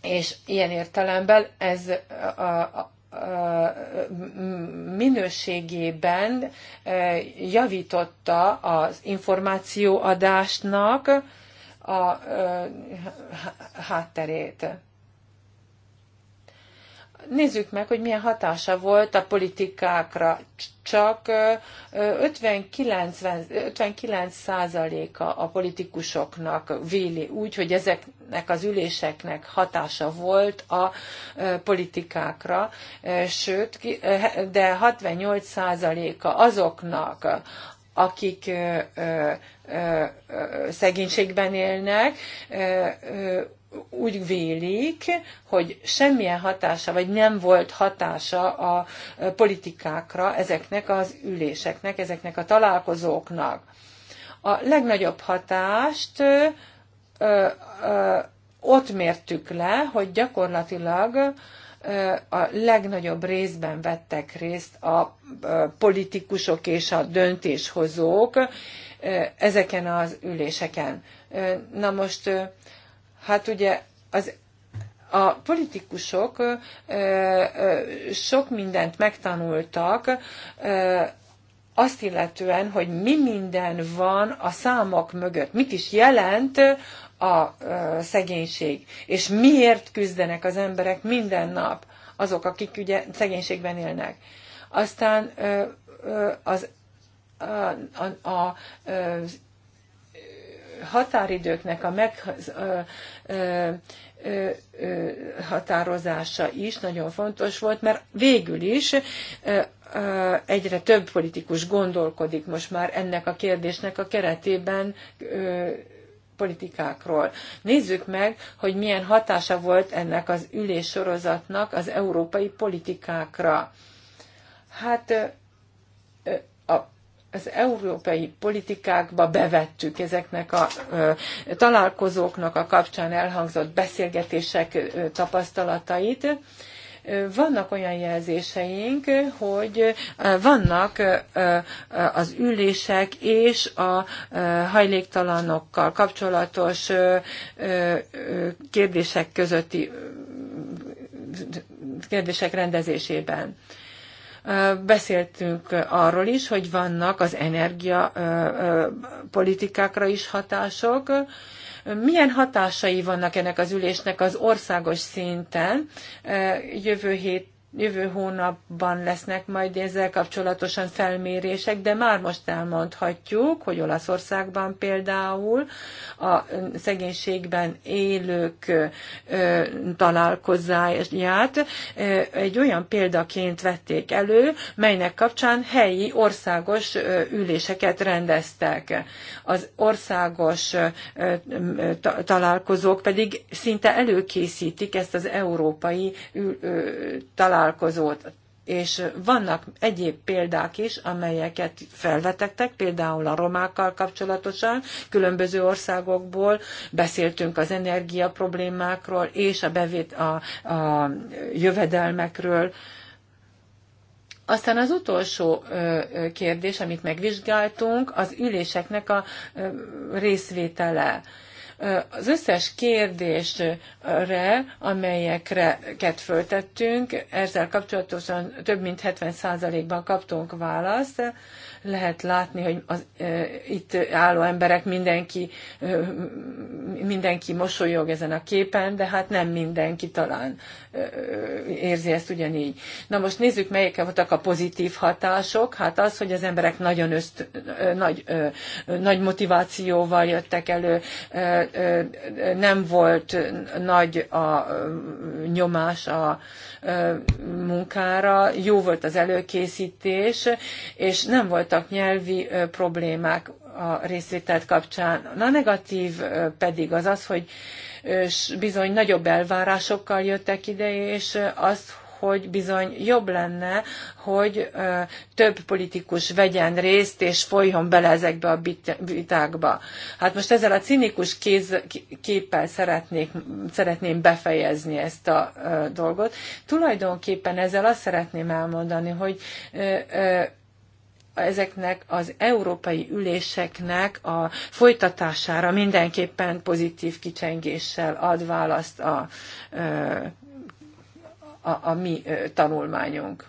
és ilyen értelemben ez a, a, a minőségében e, javította az információadásnak a e, hátterét nézzük meg, hogy milyen hatása volt a politikákra. Csak 59 százaléka a politikusoknak véli úgy, hogy ezeknek az üléseknek hatása volt a politikákra, sőt, de 68 százaléka azoknak, akik ö, ö, ö, szegénységben élnek, ö, ö, úgy vélik, hogy semmilyen hatása, vagy nem volt hatása a e, politikákra ezeknek az üléseknek, ezeknek a találkozóknak. A legnagyobb hatást ö, e, ö, e, ott mértük le, hogy gyakorlatilag a legnagyobb részben vettek részt a politikusok és a döntéshozók ezeken az üléseken. Na most Hát ugye az a politikusok sok mindent megtanultak, azt illetően, hogy mi minden van a számok mögött, mit is jelent a szegénység, és miért küzdenek az emberek minden nap, azok, akik ugye szegénységben élnek. Aztán az a, a, a, az határidőknek a meghatározása is nagyon fontos volt, mert végül is egyre több politikus gondolkodik most már ennek a kérdésnek a keretében politikákról. Nézzük meg, hogy milyen hatása volt ennek az üléssorozatnak az európai politikákra. Hát a az európai politikákba bevettük ezeknek a találkozóknak a kapcsán elhangzott beszélgetések tapasztalatait. Vannak olyan jelzéseink, hogy vannak az ülések és a hajléktalanokkal kapcsolatos kérdések közötti kérdések rendezésében. Beszéltünk arról is, hogy vannak az energiapolitikákra is hatások. Milyen hatásai vannak ennek az ülésnek az országos szinten? Jövő hét Jövő hónapban lesznek majd ezzel kapcsolatosan felmérések, de már most elmondhatjuk, hogy Olaszországban például a szegénységben élők találkozáját egy olyan példaként vették elő, melynek kapcsán helyi országos üléseket rendeztek. Az országos találkozók pedig szinte előkészítik ezt az európai találkozókat, vállalkozót. És vannak egyéb példák is, amelyeket felvetettek, például a romákkal kapcsolatosan, különböző országokból beszéltünk az energia problémákról és a, bevét, a, a jövedelmekről. Aztán az utolsó kérdés, amit megvizsgáltunk, az üléseknek a részvétele. Az összes kérdésre, amelyeket föltettünk, ezzel kapcsolatosan több mint 70%-ban kaptunk választ, lehet látni, hogy az, e, itt álló emberek mindenki, e, mindenki mosolyog ezen a képen, de hát nem mindenki talán e, érzi ezt ugyanígy. Na most nézzük, melyek voltak a pozitív hatások. Hát az, hogy az emberek nagyon öszt, e, nagy, e, nagy motivációval jöttek elő, e, e, nem volt nagy a nyomás a e, munkára, jó volt az előkészítés, és nem volt voltak nyelvi problémák a részvételt kapcsán. A negatív pedig az az, hogy bizony nagyobb elvárásokkal jöttek ide, és az, hogy bizony jobb lenne, hogy több politikus vegyen részt, és folyjon bele ezekbe a vitákba. Hát most ezzel a cinikus kéz, képpel szeretnék, szeretném befejezni ezt a dolgot. Tulajdonképpen ezzel azt szeretném elmondani, hogy ezeknek az európai üléseknek a folytatására mindenképpen pozitív kicsengéssel ad választ a, a, a mi tanulmányunk.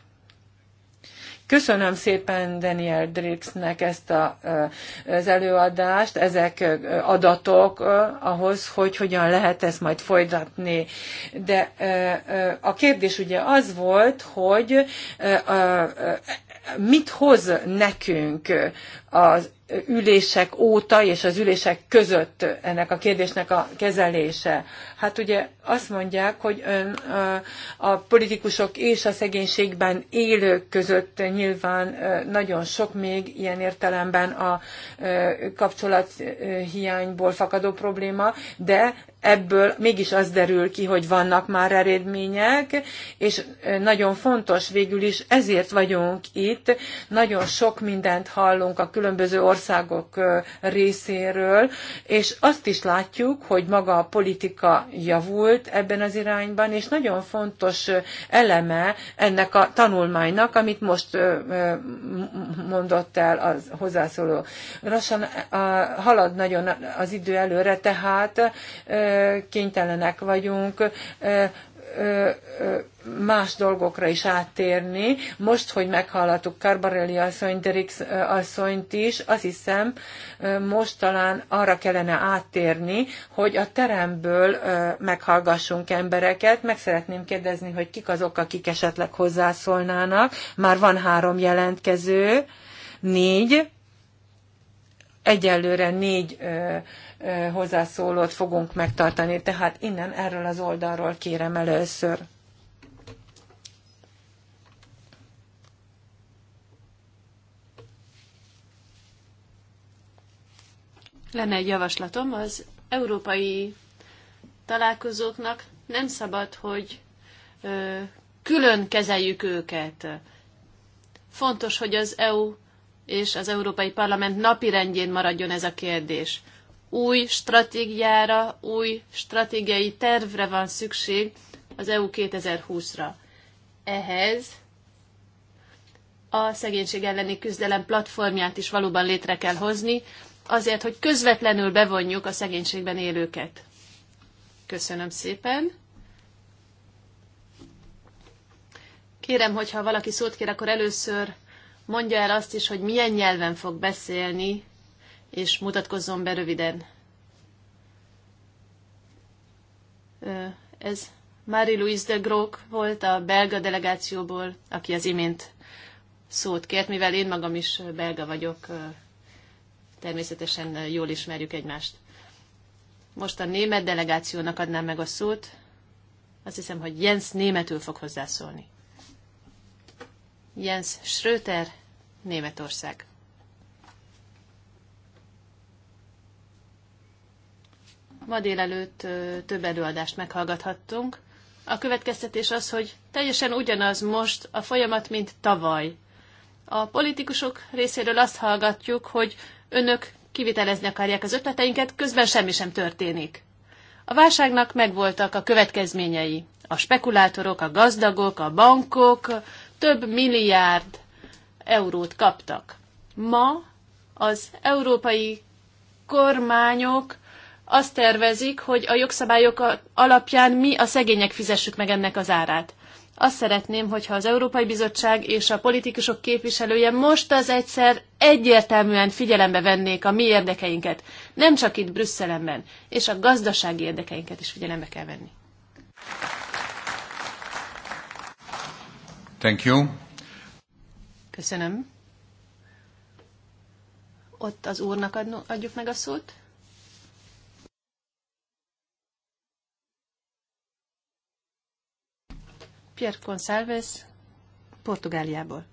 Köszönöm szépen Daniel Drixnek ezt a, az előadást, ezek adatok ahhoz, hogy hogyan lehet ezt majd folytatni. De a kérdés ugye az volt, hogy mit hoz nekünk az ülések óta és az ülések között ennek a kérdésnek a kezelése. Hát ugye azt mondják, hogy ön a politikusok és a szegénységben élők között nyilván nagyon sok még ilyen értelemben a kapcsolathiányból fakadó probléma, de ebből mégis az derül ki, hogy vannak már eredmények, és nagyon fontos végül is, ezért vagyunk itt, nagyon sok mindent hallunk a különböző országok részéről, és azt is látjuk, hogy maga a politika javult ebben az irányban, és nagyon fontos eleme ennek a tanulmánynak, amit most mondott el az hozzászóló. Lassan halad nagyon az idő előre, tehát kénytelenek vagyunk más dolgokra is áttérni. Most, hogy meghallottuk Carbarelli asszonyt, Derix asszonyt is, azt hiszem, most talán arra kellene áttérni, hogy a teremből meghallgassunk embereket. Meg szeretném kérdezni, hogy kik azok, akik esetleg hozzászólnának. Már van három jelentkező, négy, egyelőre négy ö, ö, hozzászólót fogunk megtartani, tehát innen erről az oldalról kérem először. Lenne egy javaslatom, az európai találkozóknak nem szabad, hogy ö, külön kezeljük őket. Fontos, hogy az EU és az Európai Parlament napi rendjén maradjon ez a kérdés. Új stratégiára, új stratégiai tervre van szükség az EU 2020-ra. Ehhez a szegénység elleni küzdelem platformját is valóban létre kell hozni, azért, hogy közvetlenül bevonjuk a szegénységben élőket. Köszönöm szépen. Kérem, hogyha valaki szót kér, akkor először mondja el azt is, hogy milyen nyelven fog beszélni, és mutatkozzon be röviden. Ez Marie-Louise de Grok volt a belga delegációból, aki az imént szót kért, mivel én magam is belga vagyok, természetesen jól ismerjük egymást. Most a német delegációnak adnám meg a szót. Azt hiszem, hogy Jens németül fog hozzászólni. Jens Schröter, Németország. Ma délelőtt több előadást meghallgathattunk. A következtetés az, hogy teljesen ugyanaz most a folyamat, mint tavaly. A politikusok részéről azt hallgatjuk, hogy önök kivitelezni akarják az ötleteinket, közben semmi sem történik. A válságnak megvoltak a következményei. A spekulátorok, a gazdagok, a bankok több milliárd eurót kaptak. Ma az európai kormányok azt tervezik, hogy a jogszabályok alapján mi a szegények fizessük meg ennek az árát. Azt szeretném, hogyha az Európai Bizottság és a politikusok képviselője most az egyszer egyértelműen figyelembe vennék a mi érdekeinket, nem csak itt Brüsszelemben, és a gazdasági érdekeinket is figyelembe kell venni. Thank you. Köszönöm. Ott az úrnak adjuk meg a szót. Pierre Gonçalves, Portugáliából.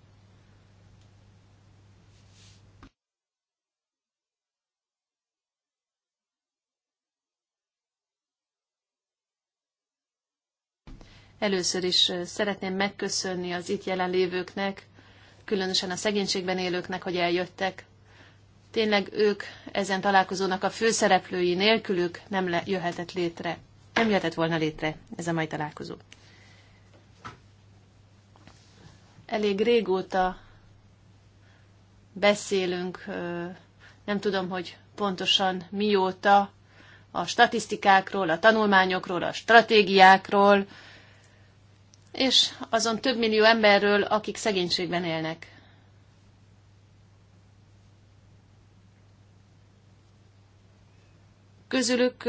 Először is szeretném megköszönni az itt jelenlévőknek, különösen a szegénységben élőknek, hogy eljöttek. Tényleg ők ezen találkozónak a főszereplői nélkülük nem le- jöhetett létre. Nem jöhetett volna létre ez a mai találkozó. Elég régóta beszélünk, nem tudom, hogy pontosan mióta, a statisztikákról, a tanulmányokról, a stratégiákról, és azon több millió emberről, akik szegénységben élnek. Közülük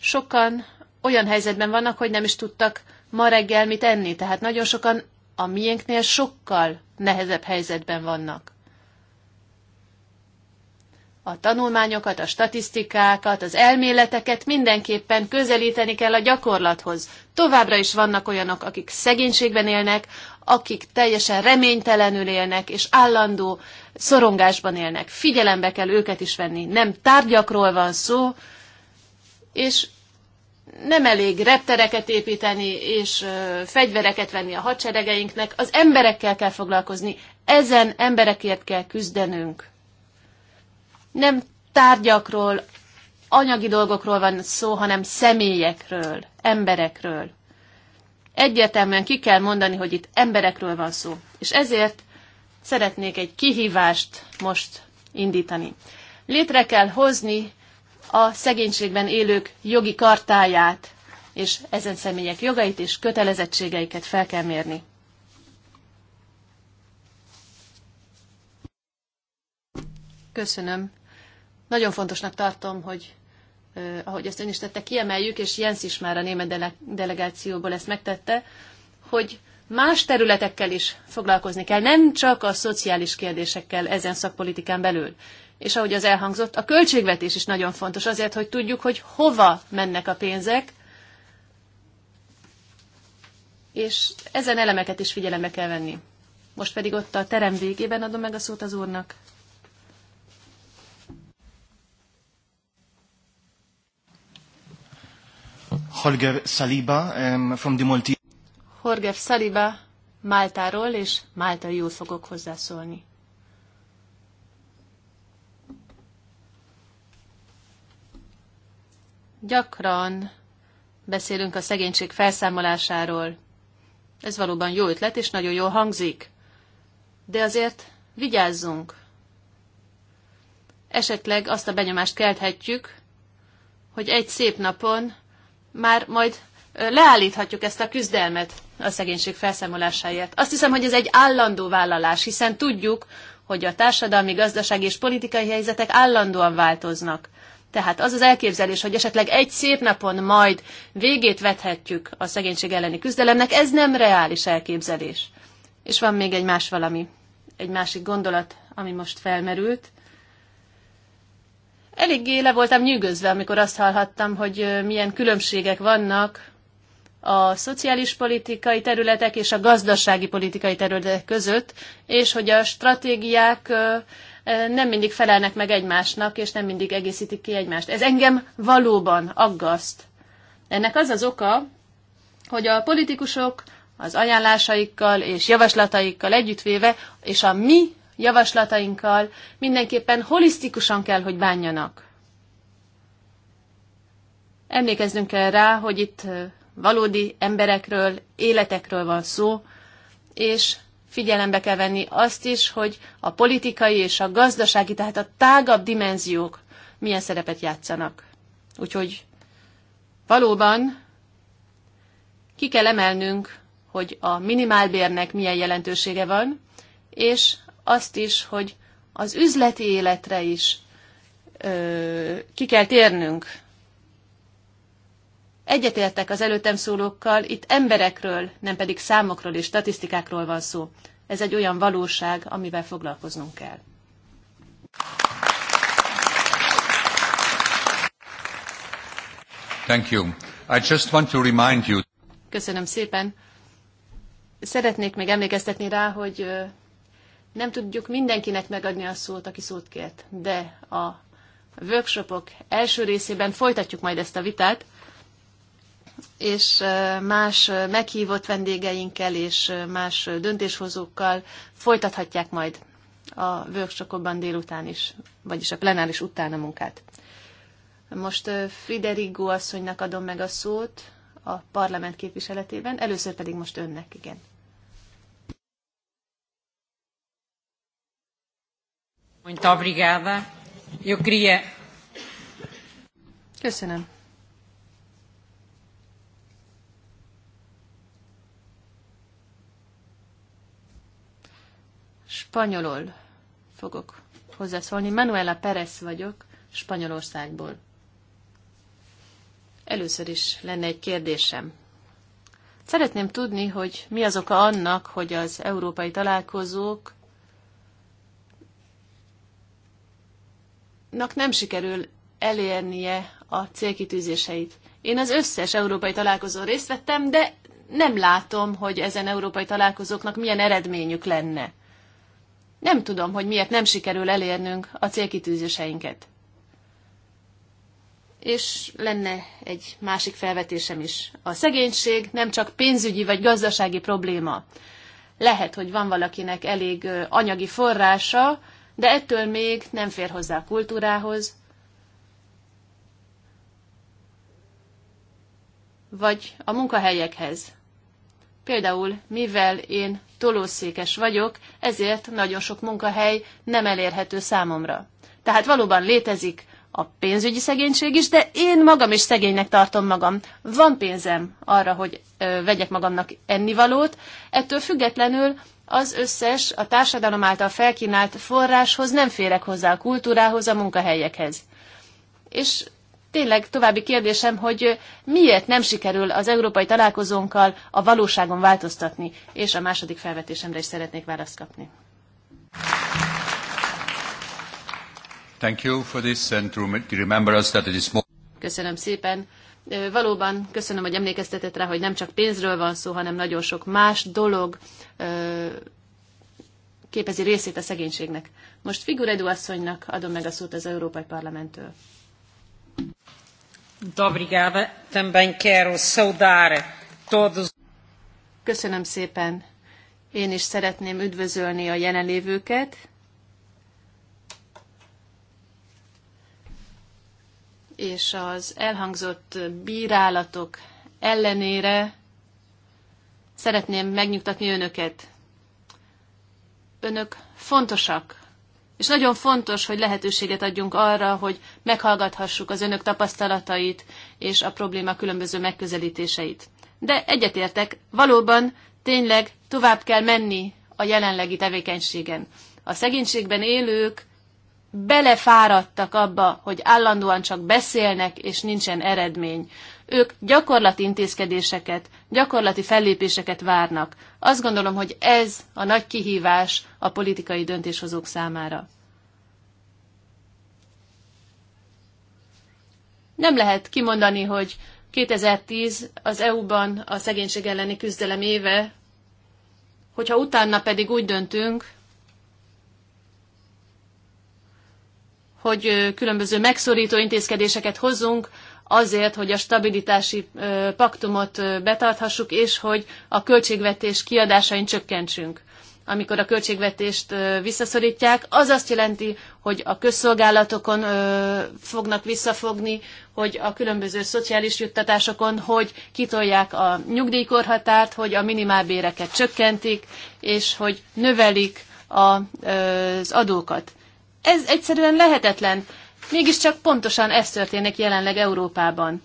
sokan olyan helyzetben vannak, hogy nem is tudtak ma reggel mit enni, tehát nagyon sokan a miénknél sokkal nehezebb helyzetben vannak a tanulmányokat, a statisztikákat, az elméleteket mindenképpen közelíteni kell a gyakorlathoz. Továbbra is vannak olyanok, akik szegénységben élnek, akik teljesen reménytelenül élnek, és állandó szorongásban élnek. Figyelembe kell őket is venni. Nem tárgyakról van szó, és nem elég reptereket építeni, és fegyvereket venni a hadseregeinknek. Az emberekkel kell foglalkozni. Ezen emberekért kell küzdenünk nem tárgyakról, anyagi dolgokról van szó, hanem személyekről, emberekről. Egyértelműen ki kell mondani, hogy itt emberekről van szó. És ezért szeretnék egy kihívást most indítani. Létre kell hozni a szegénységben élők jogi kartáját, és ezen személyek jogait és kötelezettségeiket fel kell mérni. Köszönöm nagyon fontosnak tartom, hogy ahogy ezt ön is tette, kiemeljük, és Jens is már a német delegációból ezt megtette, hogy más területekkel is foglalkozni kell, nem csak a szociális kérdésekkel ezen szakpolitikán belül. És ahogy az elhangzott, a költségvetés is nagyon fontos azért, hogy tudjuk, hogy hova mennek a pénzek, és ezen elemeket is figyelembe kell venni. Most pedig ott a terem végében adom meg a szót az úrnak. Holger Saliba um, from the Maltese. Holger Saliba Máltáról, és máltaiul fogok hozzászólni. Gyakran beszélünk a szegénység felszámolásáról. Ez valóban jó ötlet, és nagyon jól hangzik. De azért vigyázzunk. Esetleg azt a benyomást kelthetjük, hogy egy szép napon már majd leállíthatjuk ezt a küzdelmet a szegénység felszámolásáért. Azt hiszem, hogy ez egy állandó vállalás, hiszen tudjuk, hogy a társadalmi, gazdasági és politikai helyzetek állandóan változnak. Tehát az az elképzelés, hogy esetleg egy szép napon majd végét vethetjük a szegénység elleni küzdelemnek, ez nem reális elképzelés. És van még egy más valami, egy másik gondolat, ami most felmerült. Eléggé le voltam nyűgözve, amikor azt hallhattam, hogy milyen különbségek vannak a szociális politikai területek és a gazdasági politikai területek között, és hogy a stratégiák nem mindig felelnek meg egymásnak, és nem mindig egészítik ki egymást. Ez engem valóban aggaszt. Ennek az az oka, hogy a politikusok az ajánlásaikkal és javaslataikkal együttvéve, és a mi javaslatainkkal mindenképpen holisztikusan kell, hogy bánjanak. Emlékeznünk kell rá, hogy itt valódi emberekről, életekről van szó, és figyelembe kell venni azt is, hogy a politikai és a gazdasági, tehát a tágabb dimenziók milyen szerepet játszanak. Úgyhogy valóban ki kell emelnünk, hogy a minimálbérnek milyen jelentősége van, és azt is, hogy az üzleti életre is ö, ki kell térnünk. Egyetértek az előttem szólókkal, itt emberekről, nem pedig számokról és statisztikákról van szó. Ez egy olyan valóság, amivel foglalkoznunk kell. Thank you. I just want to remind you. Köszönöm szépen. Szeretnék még emlékeztetni rá, hogy nem tudjuk mindenkinek megadni a szót, aki szót kért, de a workshopok első részében folytatjuk majd ezt a vitát, és más meghívott vendégeinkkel és más döntéshozókkal folytathatják majd a workshopokban délután is, vagyis a plenáris után a munkát. Most Friderigo asszonynak adom meg a szót a parlament képviseletében, először pedig most önnek, igen. Muito obrigada. Eu queria... Köszönöm. Spanyolul fogok hozzászólni. Manuela Perez vagyok, Spanyolországból. Először is lenne egy kérdésem. Szeretném tudni, hogy mi az oka annak, hogy az európai találkozók nem sikerül elérnie a célkitűzéseit. Én az összes európai találkozón részt vettem, de nem látom, hogy ezen európai találkozóknak milyen eredményük lenne. Nem tudom, hogy miért nem sikerül elérnünk a célkitűzéseinket. És lenne egy másik felvetésem is. A szegénység nem csak pénzügyi vagy gazdasági probléma. Lehet, hogy van valakinek elég anyagi forrása, de ettől még nem fér hozzá a kultúrához, vagy a munkahelyekhez. Például, mivel én tolószékes vagyok, ezért nagyon sok munkahely nem elérhető számomra. Tehát valóban létezik a pénzügyi szegénység is, de én magam is szegénynek tartom magam. Van pénzem arra, hogy ö, vegyek magamnak ennivalót, ettől függetlenül az összes a társadalom által felkínált forráshoz nem férek hozzá a kultúrához, a munkahelyekhez. És tényleg további kérdésem, hogy miért nem sikerül az európai találkozónkkal a valóságon változtatni, és a második felvetésemre is szeretnék választ kapni. Thank you for this and to remember us that it is more... Köszönöm szépen. Valóban köszönöm, hogy emlékeztetett rá, hogy nem csak pénzről van szó, hanem nagyon sok más dolog képezi részét a szegénységnek. Most Figuredu asszonynak adom meg a szót az Európai Parlamenttől. Dobrigada, Köszönöm szépen. Én is szeretném üdvözölni a jelenlévőket, és az elhangzott bírálatok ellenére szeretném megnyugtatni önöket. Önök fontosak, és nagyon fontos, hogy lehetőséget adjunk arra, hogy meghallgathassuk az önök tapasztalatait és a probléma különböző megközelítéseit. De egyetértek, valóban tényleg tovább kell menni a jelenlegi tevékenységen. A szegénységben élők belefáradtak abba, hogy állandóan csak beszélnek, és nincsen eredmény. Ők gyakorlati intézkedéseket, gyakorlati fellépéseket várnak. Azt gondolom, hogy ez a nagy kihívás a politikai döntéshozók számára. Nem lehet kimondani, hogy 2010 az EU-ban a szegénység elleni küzdelem éve, hogyha utána pedig úgy döntünk, hogy különböző megszorító intézkedéseket hozzunk azért, hogy a stabilitási paktumot betarthassuk, és hogy a költségvetés kiadásain csökkentsünk. Amikor a költségvetést visszaszorítják, az azt jelenti, hogy a közszolgálatokon fognak visszafogni, hogy a különböző szociális juttatásokon, hogy kitolják a nyugdíjkorhatárt, hogy a minimálbéreket csökkentik, és hogy növelik az adókat. Ez egyszerűen lehetetlen. Mégiscsak pontosan ez történik jelenleg Európában.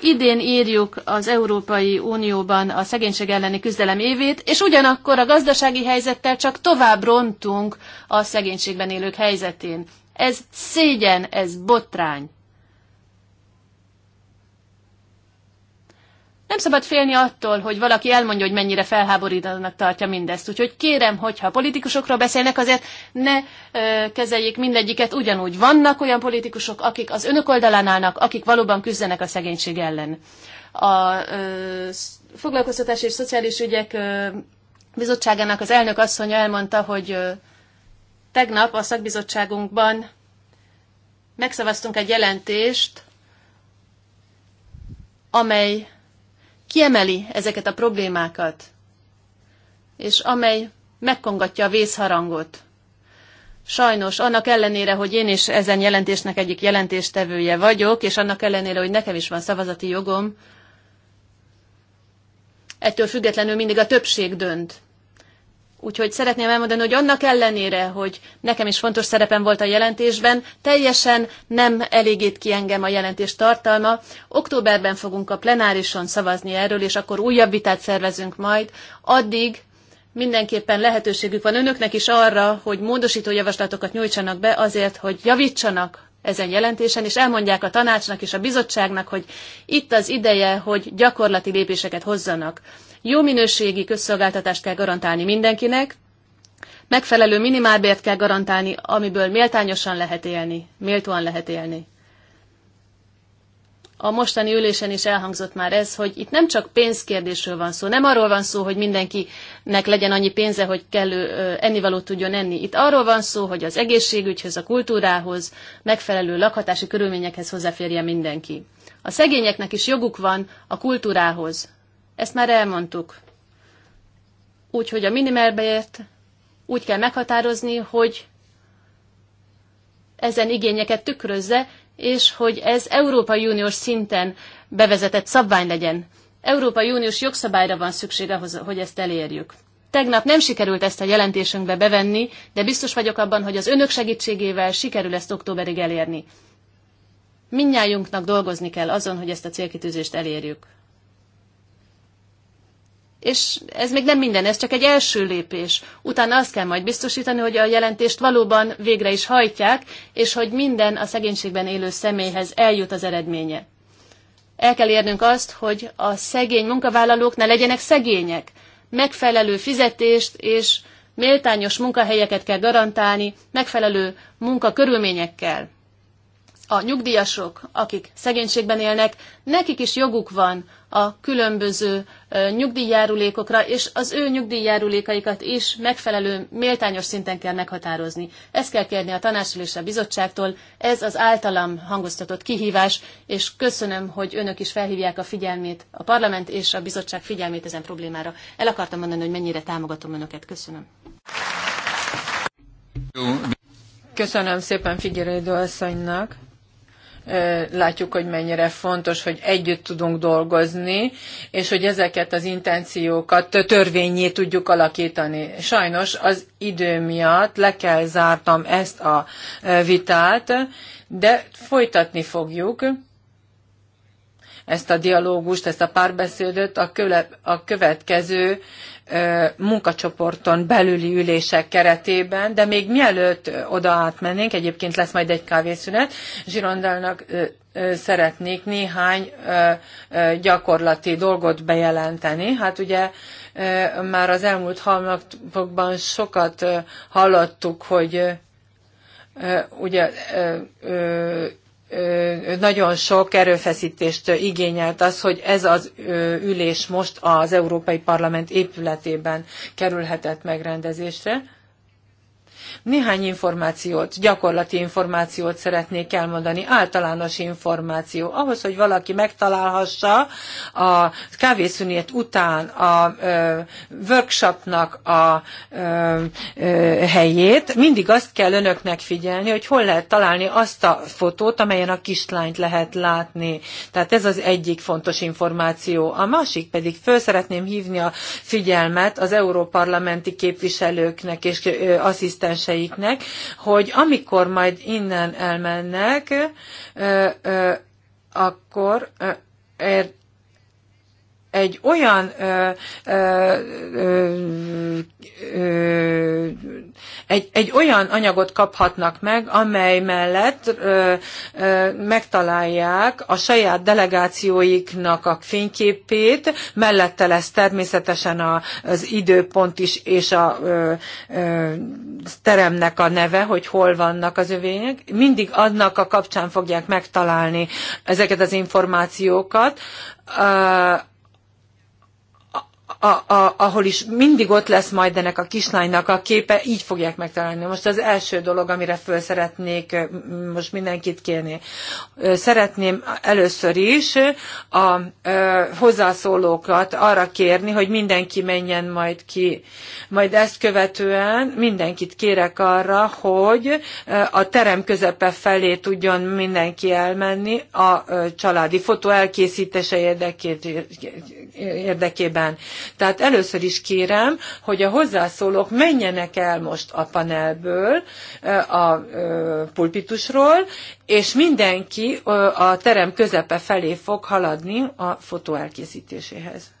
Idén írjuk az Európai Unióban a szegénység elleni küzdelem évét, és ugyanakkor a gazdasági helyzettel csak tovább rontunk a szegénységben élők helyzetén. Ez szégyen, ez botrány. Nem szabad félni attól, hogy valaki elmondja, hogy mennyire felháborítanak tartja mindezt. Úgyhogy kérem, hogyha politikusokról beszélnek, azért ne ö, kezeljék mindegyiket ugyanúgy. Vannak olyan politikusok, akik az önök oldalán állnak, akik valóban küzdenek a szegénység ellen. A ö, foglalkoztatás és szociális ügyek ö, bizottságának az elnök asszonya elmondta, hogy ö, tegnap a szakbizottságunkban megszavaztunk egy jelentést, amely kiemeli ezeket a problémákat, és amely megkongatja a vészharangot. Sajnos, annak ellenére, hogy én is ezen jelentésnek egyik jelentéstevője vagyok, és annak ellenére, hogy nekem is van szavazati jogom, ettől függetlenül mindig a többség dönt. Úgyhogy szeretném elmondani, hogy annak ellenére, hogy nekem is fontos szerepem volt a jelentésben, teljesen nem elégít ki engem a jelentés tartalma. Októberben fogunk a plenárison szavazni erről, és akkor újabb vitát szervezünk majd. Addig mindenképpen lehetőségük van önöknek is arra, hogy módosító javaslatokat nyújtsanak be azért, hogy javítsanak ezen jelentésen, és elmondják a tanácsnak és a bizottságnak, hogy itt az ideje, hogy gyakorlati lépéseket hozzanak jó minőségi közszolgáltatást kell garantálni mindenkinek, megfelelő minimálbért kell garantálni, amiből méltányosan lehet élni, méltóan lehet élni. A mostani ülésen is elhangzott már ez, hogy itt nem csak pénzkérdésről van szó, nem arról van szó, hogy mindenkinek legyen annyi pénze, hogy kellő ennivalót tudjon enni. Itt arról van szó, hogy az egészségügyhöz, a kultúrához, megfelelő lakhatási körülményekhez hozzáférjen mindenki. A szegényeknek is joguk van a kultúrához, ezt már elmondtuk. Úgyhogy a minimálbért úgy kell meghatározni, hogy ezen igényeket tükrözze, és hogy ez Európai Uniós szinten bevezetett szabvány legyen. Európai Uniós jogszabályra van szükség ahhoz, hogy ezt elérjük. Tegnap nem sikerült ezt a jelentésünkbe bevenni, de biztos vagyok abban, hogy az önök segítségével sikerül ezt októberig elérni. Mindnyájunknak dolgozni kell azon, hogy ezt a célkitűzést elérjük és ez még nem minden, ez csak egy első lépés. Utána azt kell majd biztosítani, hogy a jelentést valóban végre is hajtják, és hogy minden a szegénységben élő személyhez eljut az eredménye. El kell érnünk azt, hogy a szegény munkavállalók ne legyenek szegények. Megfelelő fizetést és méltányos munkahelyeket kell garantálni, megfelelő munkakörülményekkel a nyugdíjasok, akik szegénységben élnek, nekik is joguk van a különböző nyugdíjjárulékokra, és az ő nyugdíjjárulékaikat is megfelelő méltányos szinten kell meghatározni. Ezt kell kérni a tanácsról és a bizottságtól, ez az általam hangoztatott kihívás, és köszönöm, hogy önök is felhívják a figyelmét, a parlament és a bizottság figyelmét ezen problémára. El akartam mondani, hogy mennyire támogatom önöket. Köszönöm. Köszönöm szépen Figyelődő asszonynak látjuk, hogy mennyire fontos, hogy együtt tudunk dolgozni, és hogy ezeket az intenciókat törvényé tudjuk alakítani. Sajnos az idő miatt le kell zártam ezt a vitát, de folytatni fogjuk ezt a dialógust, ezt a párbeszédet a, köle, a következő munkacsoporton belüli ülések keretében, de még mielőtt oda átmennénk, egyébként lesz majd egy kávészünet, Zsirondalnak szeretnék néhány gyakorlati dolgot bejelenteni. Hát ugye már az elmúlt halmakban sokat hallottuk, hogy ugye nagyon sok erőfeszítést igényelt az, hogy ez az ülés most az Európai Parlament épületében kerülhetett megrendezésre. Néhány információt, gyakorlati információt szeretnék elmondani, általános információ. Ahhoz, hogy valaki megtalálhassa a kávészünét után a ö, workshopnak a ö, ö, helyét, mindig azt kell önöknek figyelni, hogy hol lehet találni azt a fotót, amelyen a kislányt lehet látni. Tehát ez az egyik fontos információ. A másik pedig föl szeretném hívni a figyelmet az európarlamenti képviselőknek és asszisztens klienseiknek, hogy amikor majd innen elmennek, akkor egy olyan ö, ö, ö, ö, egy, egy olyan anyagot kaphatnak meg, amely mellett ö, ö, megtalálják a saját delegációiknak a fényképét, mellette lesz természetesen a, az időpont is, és a ö, ö, teremnek a neve, hogy hol vannak az övények. Mindig annak a kapcsán fogják megtalálni ezeket az információkat, a, a, ahol is mindig ott lesz majd ennek a kislánynak a képe, így fogják megtalálni. Most az első dolog, amire föl szeretnék most mindenkit kérni. Szeretném először is a, a hozzászólókat arra kérni, hogy mindenki menjen majd ki. Majd ezt követően mindenkit kérek arra, hogy a terem közepe felé tudjon mindenki elmenni a családi fotó elkészítése érdekében érdekében. Tehát először is kérem, hogy a hozzászólók menjenek el most a panelből, eh, a eh, pulpitusról, és mindenki eh, a terem közepe felé fog haladni a fotó elkészítéséhez.